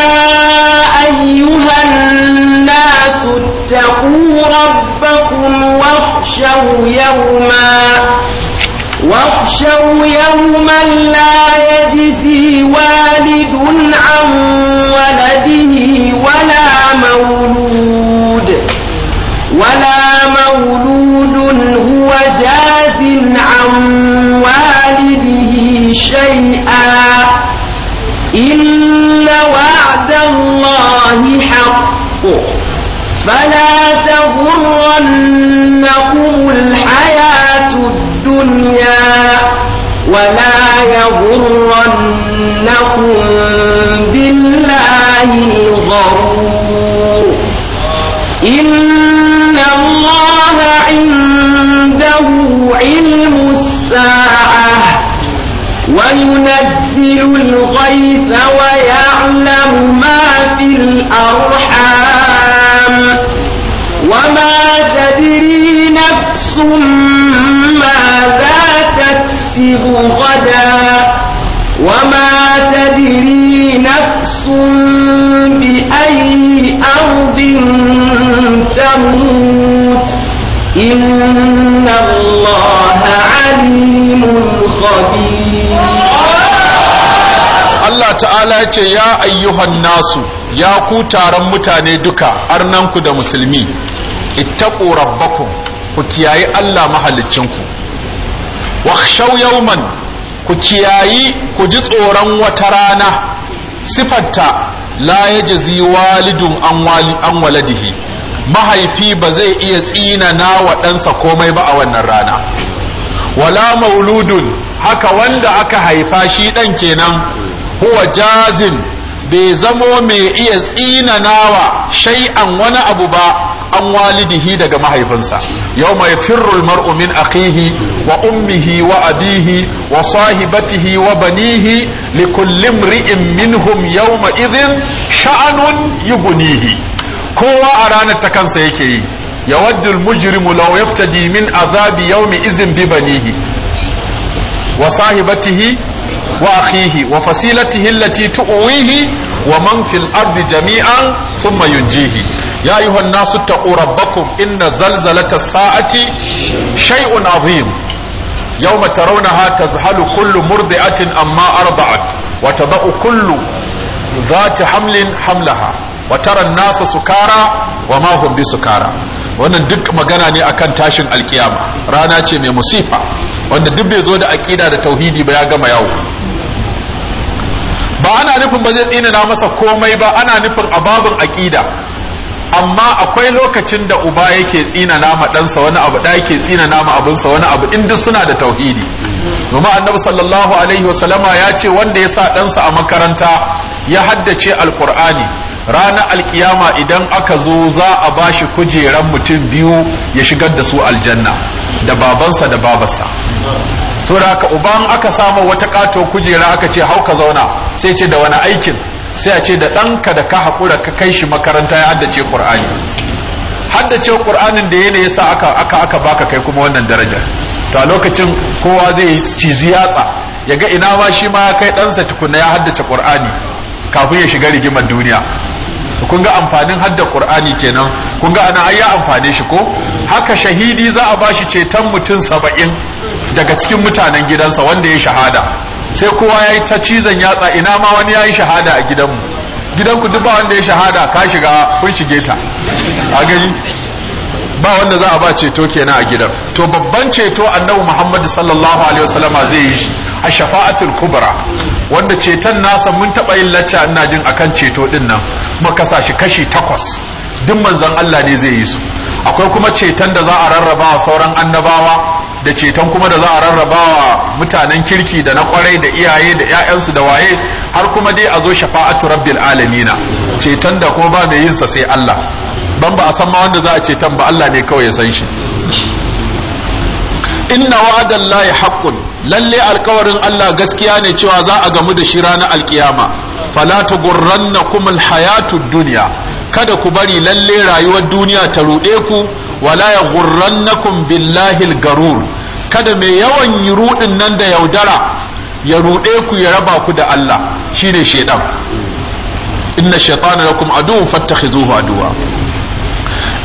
أيها الناس اتقوا ربكم واخشوا يوما واخشوا يوما لا يجزي والد عن ولده ولا مولود ولا مولود هو جاز عن والده شيئا إن وعد الله حق فلا تغرنكم الحياة الدنيا ولا يغرنكم بالله الغرور إن الله عنده علم الساعة وينزل الغيث ويعلم ما في الأرحام وما تدري نفس ما تكسب غدا وما تدري نفس بأي أرض تموت إن الله عليم خبير Allah ta'ala ce ya ayyuhan nasu ya ku taron mutane duka arnanku da musulmi ittaqu rabbakum ku kiyayi Allah mahaliccinku Wakshau yawman ku kiyayi ku ji tsoron wata rana sifarta la yajzi walidun an wali an waladihi mahaifi ba zai iya tsina wa ɗansa komai ba a wannan rana wala mauludun haka wanda aka haifa shi ɗan kenan huwa jazin bai zamo mai iya tsinanawa shay'an wani abu ba an walidihi daga mahaifinsa yau mai firrul mar'umin min wa ummihi wa abihi wa sahibatihi wa banihi li kullim ri'in minhum yawma idhin sha'anun yugunihi kowa a ranar ta kansa yake yi yawaddu al-mujrimu law yaftadi min azabi yawmi izin bi banihi wa sahibatihi wa akhihi wa fasilatihi allati tu'wihi wa man fil ardi jami'an thumma yunjihi ya ayyuhan nasu taqu rabbakum inna zalzalata sa'ati shay'un azim yawma tarawnaha tazhalu kullu murdi'atin amma arda'at wa tadau kullu zata hamlin hamlaha wa tara nasa sukara wa ma hum bisukara wannan duk magana ne akan tashin alkiyama rana ce mai musifa wanda duk bai zo da aqida da tauhidi ba ya gama yau. ba ana nufin ba zai tsinana masa komai ba ana nufin ababin aƙida amma akwai lokacin da uba yake tsina ma ɗansa wani abu ɗaya yake tsinana ma abinsa wani abu in duk suna da tauhidi domin annabi sallallahu alaihi wasallama ya ce wanda ya sa ɗansa a makaranta ya haddace alƙur'ani ranar alkiyama idan aka zo za a bashi kujeran mutum biyu ya shigar da su aljanna da babansa da babarsa so da haka uban aka samu wata kato kujera aka ce hauka zauna sai ce da wani aikin sai a ce da ɗanka da ka haƙura ka kai shi makaranta ya haddace ƙur'ani haddace ƙur'anin da yana yasa aka aka aka baka kai kuma wannan darajar. to a lokacin kowa zai yi cizi yatsa ya ga ina ma shi ma ya kai ɗansa tukunna ya haddace ƙur'ani kafin ya shiga rigimar duniya to kun ga amfanin hadda qur'ani kenan kun ga ana ai ya amfane shi ko haka shahidi za a bashi ceton mutum saba'in daga cikin mutanen gidansa wanda ya shahada sai kowa ya yi ta cizon yatsa ina ma wani ya yi shahada a gidanmu gidanku duk ba wanda ya shahada ka shiga kun shige ta a gani ba wanda za a ba ceto kenan a gidan to babban ceto annabi muhammadu sallallahu alaihi wasallama zai yi shi a shafa'atul kubra wanda ceton nasa mun taɓa yin lacca ina jin akan ceto ɗin nan muka sa shi kashi takwas duk manzon Allah ne zai yi su akwai kuma ceton da za a rarraba wa sauran annabawa da ceton kuma da za a rarraba wa mutanen kirki da na kwarai da iyaye da ƴaƴansu da waye har kuma dai a zo shafa'atu rabbil alamina ceton da kuma ba mai yin sa sai Allah ban ba a san ma wanda za a ceton ba Allah ne kawai ya san shi inna lahi haqqun lalle alkawarin Allah gaskiya ne cewa za a gamu da shi ranar alkiyama fala tughrannakum alhayatud dunya kada ku bari lalle rayuwar duniya ta rude ku wala yaghrannakum billahi algarur kada mai yawan rudin nan da yaudara ya rude ku ya raba ku da Allah shine shedan inna shaytana lakum aduwwun fattakhizuhu aduwa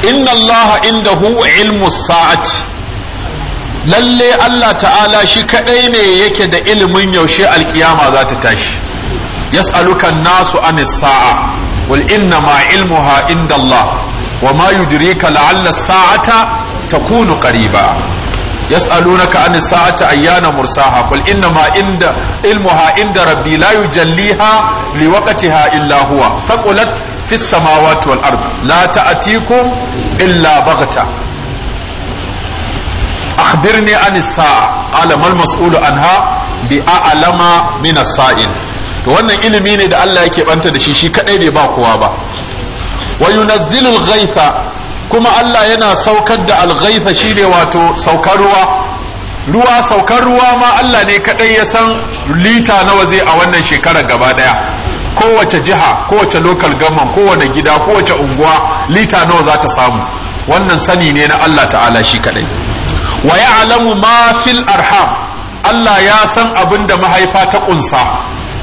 inna allaha indahu ilmu sa'ati lalle Allah ta'ala shi kadai ne yake da ilimin yaushe alkiyama za ta tashi yas'aluka nasu anis sa'a wal inna ma ilmuha inda Allah wa ma yudrika la'alla sa'ata takunu qariba yas'alunaka anis sa'ata ayyana mursaha qul inna ma inda ilmuha inda rabbi la yujalliha liwaqtiha illa huwa saqulat fis samawati wal ard la ta'atikum illa baghta akhbirni an sa'a qala mal mas'ulu anha bi a'lama min as-sa'il to wannan ilimi ne da Allah yake banta da shi shi kadai bai ba kowa ba wa yunazzilul gaisa kuma Allah yana saukar da al shi shine wato saukar ruwa ruwa saukar ruwa ma Allah ne kadai ya san lita nawa zai a wannan shekarar gaba daya kowace jiha kowace local government kowane gida kowace unguwa lita nawa za ta samu wannan sani ne na Allah ta'ala shi kadai wa ya'lamu ma fil arham Allah ya san abin da mahaifa ta kunsa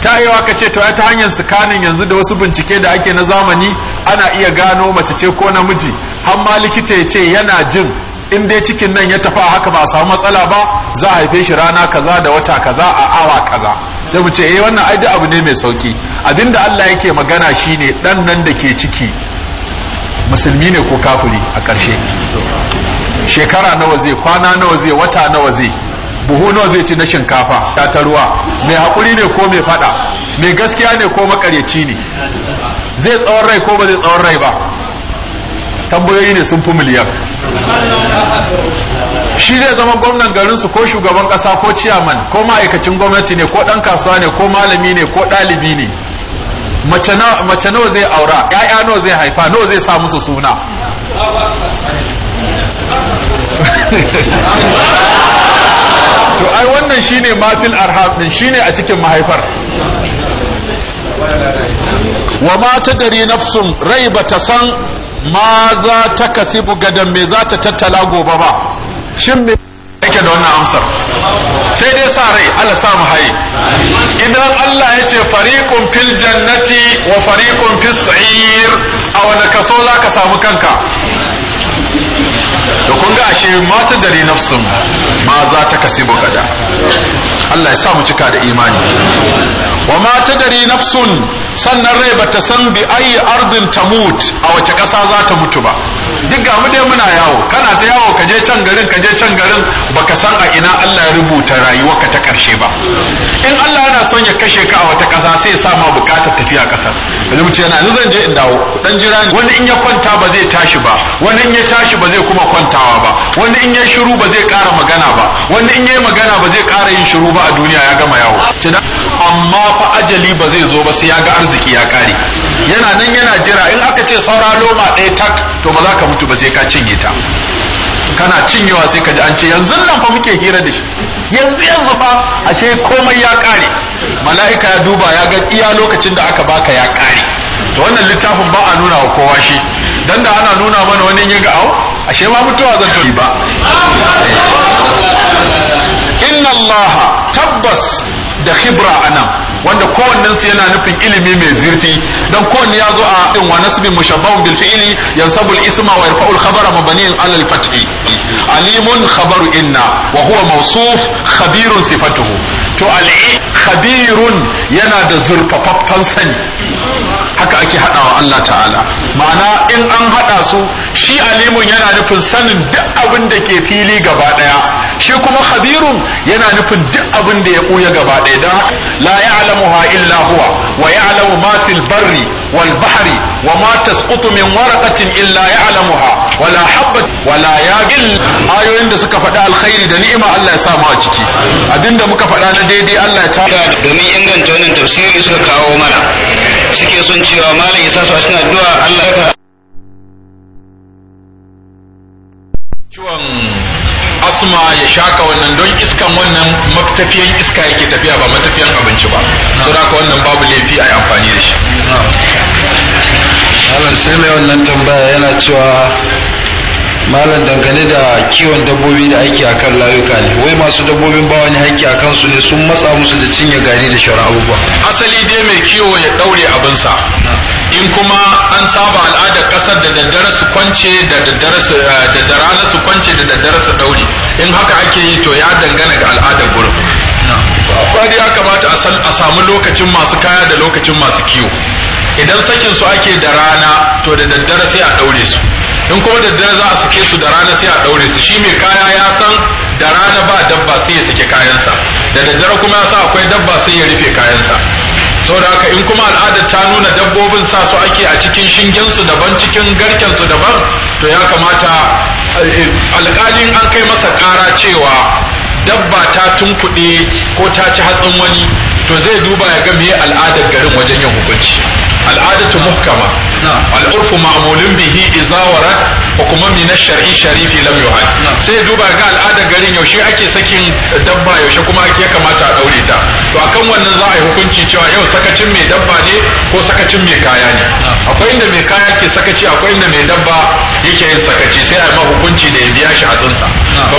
ta yi ka ce to ta hanyar sikanin yanzu da wasu bincike da ake na zamani ana iya gano mace ce ko namiji har ma likita ya ce yana jin in dai cikin nan ya tafi a haka ba a samu matsala ba za a haife shi rana kaza da wata kaza a awa kaza sai mu ce eh wannan ai da abu ne mai sauki abinda Allah yake magana shine dan nan da ke ciki musulmi ne ko kafiri a ƙarshe shekara nawa zai kwana nawa zai wata nawa zai buhu nawa zai ci na shinkafa ta ta ruwa mai haƙuri ne ko mai fada mai gaskiya ne ko makaryaci ne zai tsawon rai ko ba zai tsawon rai ba tambayoyi ne sun fi miliyan shi zai zama gwamnan garin su ko shugaban ƙasa ko ciyaman ko ma'aikacin gwamnati ne ko ɗan kasuwa ne ko malami ne ko ɗalibi ne mace nawa zai aura 'ya'ya nawa zai haifa nawa zai sa musu suna to ai wannan shine matil arham din shine a cikin mahaifar wa ma tadri nafsun rai ta san ma za ta kasibu gadan me za ta tattala gobe ba shin me yake da wannan amsar sai dai sa rai Allah sa mu haye idan Allah ya ce fariqun fil jannati wa fariqun fis sa'ir a wani kaso ka samu kanka da kun ga ashe mata dare nafsun ma za ta kasi bukada Allah ya sa mu cika da imani wa mata dare nafsun sannan rai bata san bi ayi ardin tamut a wace ƙasa za ta mutu ba duk ga mu dai muna yawo kana ta yawo ka je can garin ka je can garin baka san a ina Allah ya rubuta ka ta karshe ba in Allah yana son ya kashe ka a wata ƙasa sai ya sa ma bukatar tafiya ƙasar yanzu yana yanzu zan je in dawo dan jira ni wani in ya kwanta ba zai tashi ba wani in ya tashi ba zai kuma kwantawa ba wani in ya shiru ba zai ƙara magana ba wani in ya yi magana ba zai ƙara yin shiru ba a duniya ya gama yawo amma fa ajali ba zai zo ba sai ya ga arziki ya kare yana nan yana jira in aka ce saura loma ɗaya tak to ba za ka mutu ba sai ka cinye ta kana cinyewa sai ka ji an ce yanzu nan fa muke hira da shi yanzu yanzu fa ashe komai ya kare mala'ika ya duba ya ga iya lokacin da aka baka ya kare to wannan littafin ba a nuna wa kowa shi dan da ana nuna mana wani ya ga au ashe ma mutuwa zan tafi ba inna allaha tabbas da khibra anan wanda kowannen su yana nufin ilimi mai zurfi dan kowanne ya zo a din wa nasbin mushabbahun bil fi'li yansabu al isma wa yarfa'u al khabara mabniyan ala al fath alimun khabaru inna wa huwa mawsuf khabirun sifatuhu to al khabirun yana da zurfafaffan sani haka ake haɗawa Allah ta'ala ma'ana in an haɗa su shi alimun yana nufin sanin duk abin da ke fili gaba ɗaya shi kuma khabirun yana nufin duk abin da ya buya gaba ɗaya don haka la ya'lamuha illa huwa wa ya'lamu ma fil barri wal bahri wa ma tasqutu min waraqatin illa ya'lamuha wala habbat wala yaqil ayoyin da suka faɗa alkhairi da ni'ima Allah ya sa mu a ciki abinda muka faɗa na daidai Allah ya ta domin inganta wannan tafsiri suka kawo mana suke son cewa malam isa su suna addu'a Allah ya ciwon asma ya shaka wannan don iskan wannan matafiyan iska yake tafiya ba matafiyan abinci ba saboda ka wannan babu laifi a yi amfani da shi Allah sai mai wannan tambaya yana cewa malam dangane da kiwon dabbobi da ake akan layuka ne wai masu dabbobin bawa ne haƙƙi akan su ne sun matsa musu da cinye gari da shara abubuwa asali dai mai kiwo ya ɗaure abinsa in kuma an saba al'adar ƙasar da daddare su kwance da daddare su eh, da na su kwance da daddare su ɗaure in haka ake yi to ya dangana ga al'adar gurin dai ya kamata a samu lokacin masu kaya da lokacin masu kiwo idan sakin su ake da rana to da daddare sai a ɗaure su in kuma da dare za a sake su da rana sai a ɗaure su shi mai kaya ya san da rana ba dabba sai ya sake kayansa da daddare kuma ya sa akwai dabba sai ya rufe kayansa saboda haka in kuma al'adar ta nuna dabbobin sa su ake a cikin shingensu daban cikin garkensu daban to ya kamata alƙalin an kai masa kara cewa dabba ta tunkuɗe ko ta ci hatsin wani to zai duba ya ga meye al'adar garin wajen yin hukunci al'adatu muhkama al'urfu ma'mulun bihi idza warat hukuman min shari sharifi lam yuhad sai duba ga al'adar garin yaushe ake sakin dabba yaushe kuma ake kamata a daure ta to akan wannan za a yi hukunci cewa yau sakacin mai dabba ne ko sakacin mai kaya ne akwai inda mai kaya ke sakaci akwai inda mai dabba yake yin sakaci sai a yi hukunci da ya biya shi a tsinsa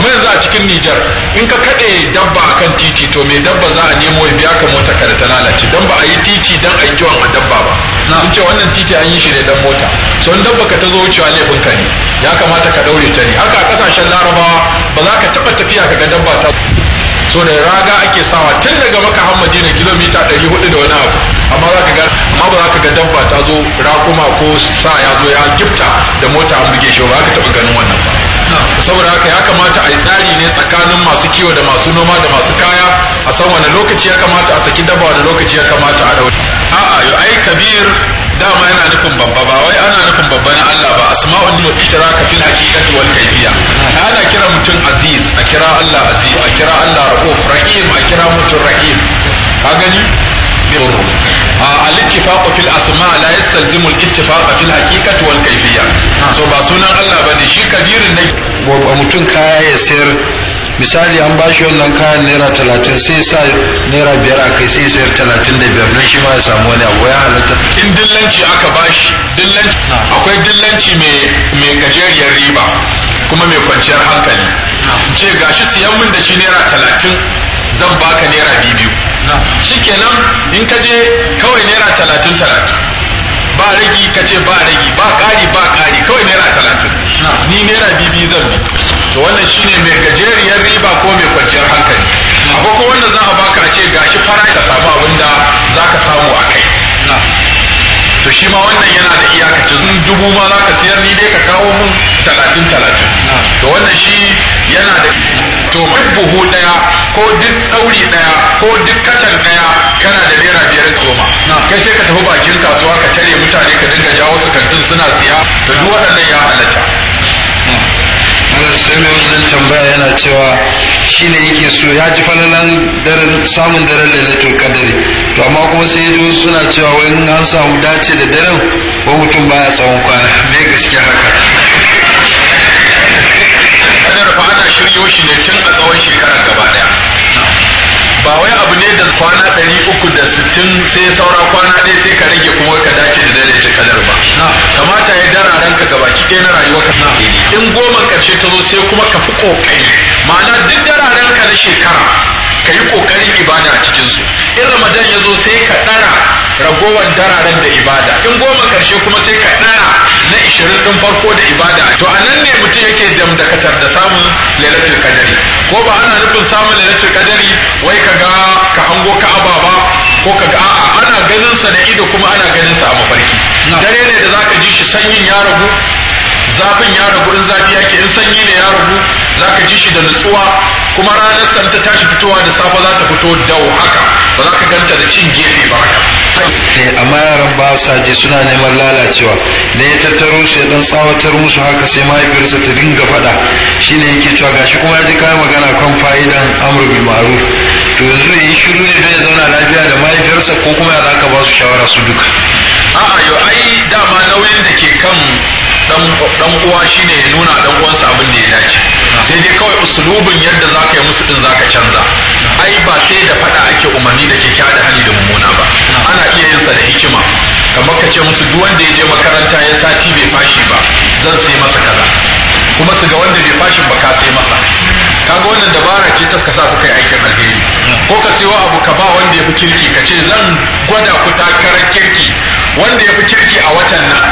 mai cikin Nijar in ka kaɗe dabba akan titi to me dabba za a nemo ya biya ka mota kada ta lalace dan ba a yi titi dan a kiwon a dabba ba sun ce wannan titi an yi shi ne dan mota so in dabba ka ta zo wucewa laifin ka ne ya kamata ka daure ta ne haka a kasashen larabawa ba za ka taɓa tafiya ka ga dabba ta so da raga ake sawa tun daga maka har na kilomita 400 da wani abu amma za ka ga amma ba za ka ga dabba ta zo rakuma ko sa ya zo ya gifta da mota an buge shi ba ka taba ganin wannan ba saboda haka ya kamata a yi tsari ne tsakanin masu kiwo da masu noma da masu kaya a san wani lokaci ya kamata a saki dabba wani lokaci ya kamata a a a'a yi ai kabir dama yana nufin babba ba wai ana nufin babba na Allah ba asma'ul ka fil haqiqati wal kayfiya ana kira mutum aziz a kira Allah aziz a kira Allah rahim a kira mutum rahim ka gani birru al-ittifaq fil asma la yastalzimu al-ittifaq fil haqiqati wal kayfiyya so ba sunan Allah bane shi kabirin يسير mutum kaya ya sayar misali an bashi wannan kayan naira talatin sai sa naira biyar a kai sai sayar talatin da biyar don shi ma ya samu wani abu ya halatta in dillanci aka bashi dillanci ah. akwai dillanci mai gajeriyar riba kuma mai kwanciyar hankali ah. ce gashi siyan min da shi naira talatin zan baka naira biyu shikenan in ka je kawai naira talatin talatin ba ragi ka ce ba ragi ba kari ba kari kawai naira talatin ni naira bibi zan bi to wannan shine mai gajeriyar riba ko mai kwanciyar hankali akwai ko wanda za a baka a ce gashi fara ka samu abin da za ka samu a kai to shi ma wannan yana da iyakacin dubu ma za ka siyar ni dai ka kawo mun talatin talatin to wannan shi yana da to buhu daya ko duk dauri daya ko duk kacan daya kana da naira biyar goma kai sai ka tafi bakin kasuwa ka tare mutane ka dinga jawo su kantin suna siya to duk waɗannan ya halatta mai wannan tambaya yana cewa shi ne yake so ya ji falalan samun daren lailatul kadari to amma kuma sai ya suna cewa wai an samu dace da daren ko mutum baya tsawon kwana bai gaske haka kadar ana shiryo shi ne tun a tsawon shekara gaba daya ba wai abu ne da kwana ɗari uku da sittin sai saura kwana ɗaya sai ka rage kuma ka dace da daidaita kadar ba kamata ya dara ranka ga baki ɗaya na rayuwa ka na in goma ƙarshe ta zo sai kuma ka fi ƙoƙari ma'ana duk dara ranka na shekara ka yi ƙoƙarin ibada a cikinsu in ramadan ya zo sai ka ɗara ragowar dararen da ibada in goma ƙarshe kuma sai ka ɗara na ishirin ɗin farko da ibada to a nan ne mutum yake damdakatar da samun lailatul kadari ko ba ana nufin samun lailatul kadari wai ka ga ka hango ka ababa? ko ka ga a'a ana ganin sa da ido kuma ana ganin sa a mafarki dare ne da zaka ji shi sanyin ya ragu zafin ya ragu in zafi ke in sanyi ne ya ragu za ka ji shi da nutsuwa kuma ranar san ta tashi fitowa da safe za ta fito dau haka ba za ka ganta da cin gefe ba haka amma yaran ba sa je suna neman lalacewa da ya tattaro su ya dan tsawatar musu haka sai mahaifiyarsa ta dinga faɗa shine yake cewa gashi kuma ya ji kayan magana kan fa'idan amru bil ma'ruf to yanzu yi shiru ne bai ya zauna lafiya da mahaifiyarsa ko kuma ya ka ba su shawara su duka a'a yo ai dama nauyin da ke kan dan dan uwa shine ya nuna dan uwansa abin da ya dace sai dai kawai usulubin yadda zaka yi musu din zaka canza ai ba sai da fada ake umarni da ke da hali da mummuna ba ana iya yin sa da hikima kamar ka ce musu duk wanda ya je makaranta ya sati bai fashi ba zan sai masa kaza kuma su ga wanda bai fashin ba ka sai masa kaga wannan dabara ce ta kasa suka yi aikin alheri ko ka siyo abu ka ba wanda ya fi kirki ka ce zan gwada ku takarar kirki wanda ya fi kirki a watan nan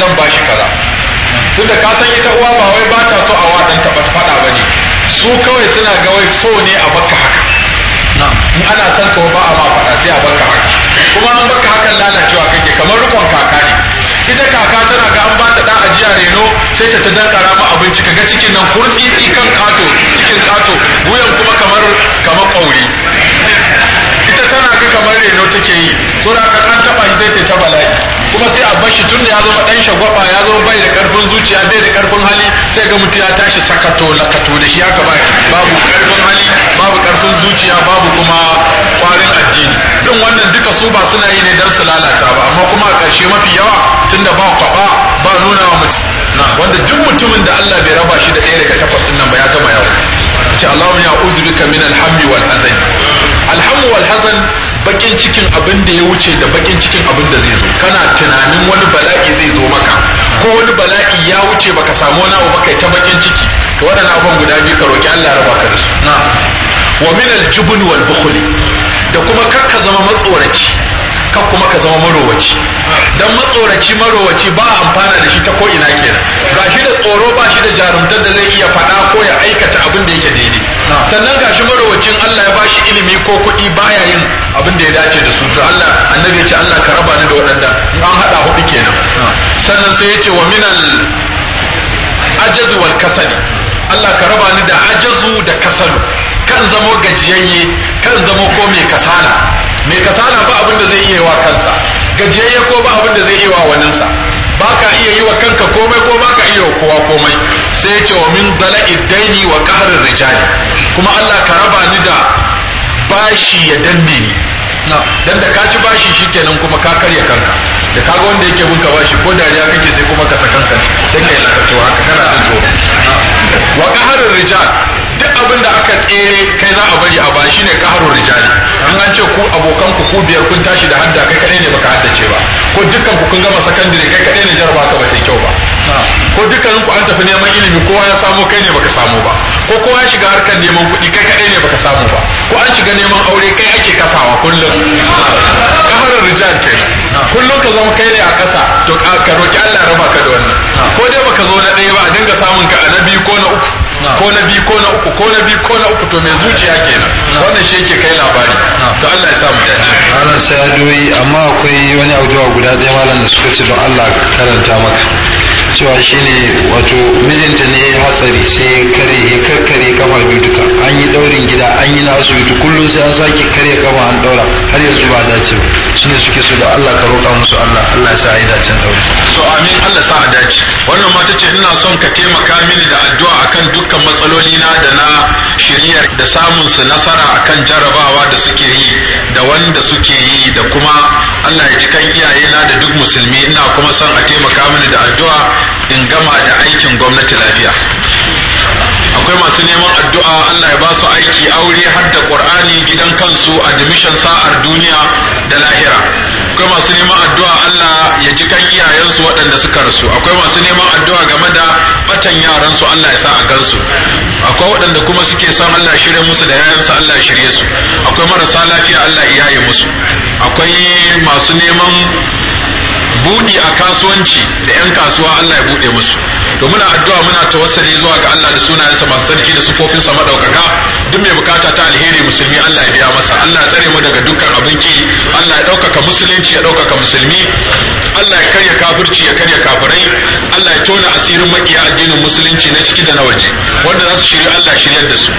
zan ba shi kaza tunda ka san ita uwa ba wai ba ta so a wadan ta faɗa ba ne su kawai suna ga wai so ne a baka haka in ana son ko ba a ma faɗa sai a baka haka kuma an baka hakan lalacewa kake kamar rukon kaka ne ita kaka tana ga an ba ta da ajiya reno sai ta ta kara ma abinci kaga cikin nan kursi kan kato cikin kato wuyan kuma kamar kamar kauri tana ga kamar reno take yi sura ka an taba zai ta ta bala'i kuma sai a bar shi da ya zama dan shagwaba ya zo bai da karfin zuciya bai da karfin hali sai ga mutum ya tashi sakato lakato da shi haka bai babu karfin hali babu karfin zuciya babu kuma kwarin addini din wannan duka su ba suna yi ne dan su lalata ba amma kuma a karshe mafi yawa tunda ba kwaba ba nuna wa mutum wanda duk mutumin da Allah bai raba shi da ɗaya daga takwas nan ba ya gama yawa ce Allahumma ya uzbika min alhammi wal hazan alhammi wal hazan bakin cikin abin da ya wuce da bakin cikin abin da zai zo kana tunanin wani bala'i zai zo maka ko wani bala'i ya wuce baka samu wani abu baka ta bakin ciki to wannan abun guda biyu ka roki Allah raba ka da su wa min aljubun wal bukhli da kuma kakka zama matsoraci kan kuma ka zama marowaci Don matsoraci marowaci ba amfana da shi ta ko ina kenan shi da tsoro ba shi da jarumtar da zai iya faɗa ko ya aikata abin da yake daidai sannan gashi marowacin Allah ya ba shi ilimi ko kuɗi baya yin abin da ya dace da su to Allah annabi ya ce Allah ka raba ni da waɗanda an haɗa hudu kenan sannan sai ya ce wa minal ajazu wal kasali Allah ka raba ni da ajazu da kasalu kan zamo gajiyayye kan zamo ko mai kasala gajiyayye ko ba abin da zai iya wa wannan sa ba ka iya yi wa kanka komai ko ba ka iya wa kowa komai sai ya ce wa min dala'i daini wa qahrir rijali kuma Allah ka raba ni da bashi ya danne ni dan da ka ci bashi shikenan kuma ka karya kanka da kaga wanda yake bunka bashi ko dariya kake sai kuma ka kanka sai kai lakato haka kana jin tsoro wa qahrul rijal duk abin da aka tsere kai za a bari a ba shine ne qahrul Rijal. an an ce ku abokan ku ku biyar kun tashi da hadda kai kadai ne baka haddace ba ko dukkan ku kun gama sakandare kai kadai ne jarba ka bata kyau ba ko dukkanin ku an tafi neman ilimi kowa ya samu kai ne baka samu ba ko kowa ya shiga harkar neman kuɗi kai kaɗai ne baka samu ba ko an shiga neman aure kai ake kasawa kullum kamar rijal kai kullum ka zama kai ne a ƙasa to ka roki Allah ya raba ka da wannan ko dai baka zo na ɗaya ba a dinga samun ka a na biyu ko na uku ko na biyu ko na uku ko na biyu ko na uku to mai zuciya kenan wannan shi yake kai labari to Allah ya samu dace Allah sai amma akwai wani auduwa guda ɗaya malam da suka ce don Allah karanta maka cewa shi ne wato mijinta ne ya hatsari sai ya kare ya karkare kafa biyu duka an yi daurin gida an yi nasu yutu kullum sai an sake kare kafa an daura har yanzu ba dace su ne suke so da Allah ka roƙa musu Allah Allah ya sa a yi dacen dauri to amin Allah sa a dace wannan mata ce ina son ka taimaka mini da addu'a akan dukkan matsaloli na da na shiriyar da samun su nasara akan jarabawa da suke yi da wanda suke yi da kuma Allah ya ji kan iyayena da duk musulmi ina kuma son a taimaka mini da addu'a in gama da aikin gwamnati lafiya akwai masu neman addu'a Allah ya ba su aiki aure har da Qur'ani gidan kansu admission sa'ar duniya da lahira akwai masu neman addu'a Allah ya ji kan iyayensu waɗanda suka rasu akwai masu neman addu'a game da batan yaransu Allah ya sa a gansu akwai waɗanda kuma suke son Allah shirye musu da yayansu Allah shirye su akwai marasa lafiya Allah ya yaye musu akwai masu neman buɗi a kasuwanci da 'yan kasuwa Allah ya buɗe musu to muna addu'a muna tawassali zuwa ga Allah da sunayensa masu sarki da sufofinsa madaukaka duk mai bukata ta alheri musulmi Allah ya biya masa Allah ya tsare mu daga dukkan abinki Allah ya ɗaukaka musulunci ya ɗaukaka musulmi Allah ya karya kafirci ya karya kafirai Allah ya tona asirin makiya addinin musulunci na ciki da na waje wanda za su shirya Allah shiryar da su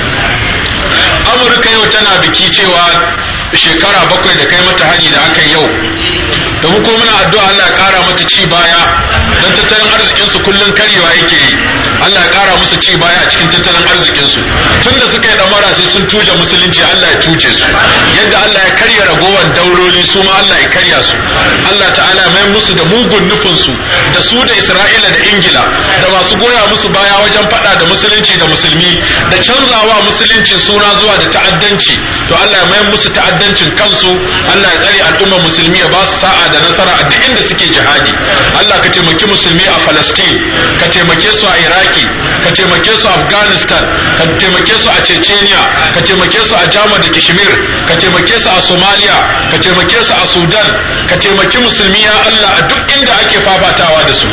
amurka yau tana biki cewa shekara bakwai da kai mata hani da aka yau da mu muna addu'a Allah ya kara mata ci baya don tattalin arzikin su kullun karyewa yake yi Allah ya kara musu ci baya a cikin tattalin arzikin su tun da suka yi damara sai sun tuje musulunci Allah ya tuje su yadda Allah ya karya ragowar dauloli su ma Allah ya karya su Allah ta'ala ya mai musu da mugun nufin su da su da Isra'ila da Ingila da masu goya musu baya wajen fada da musulunci da musulmi da canzawa musulunci suna zuwa da da ta'addanci to Allah ya mayar musu ta'addancin kansu Allah ya tsare al'ummar musulmi ya ba su sa'a da nasara a duk inda suke jihadi Allah ka taimaki musulmi a Palestine ka taimake su a Iraki ka taimake su a Afghanistan ka taimake su a Chechnya ka taimake su a Jama da Kashmir ka taimake su a Somalia ka taimake su a Sudan ka taimaki musulmi ya Allah a duk inda ake fafatawa da su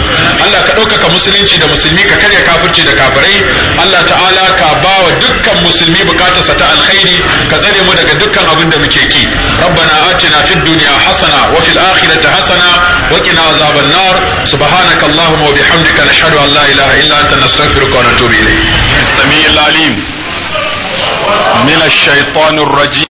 Allah ka ɗaukaka musulunci da musulmi ka karya kafirci da kafirai Allah ta'ala ka bawa dukkan musulmi bukatarsa ta alkhairi ka tsare mu daga dukkan abin da muke ki rabbana atina fid dunya hasana wa fil hasana wa qina azaban nar subhanaka allahumma wa bihamdika nashhadu an la ilaha illa anta nastaghfiruka wa natubu ilayk السميع العليم من الشيطان الرجيم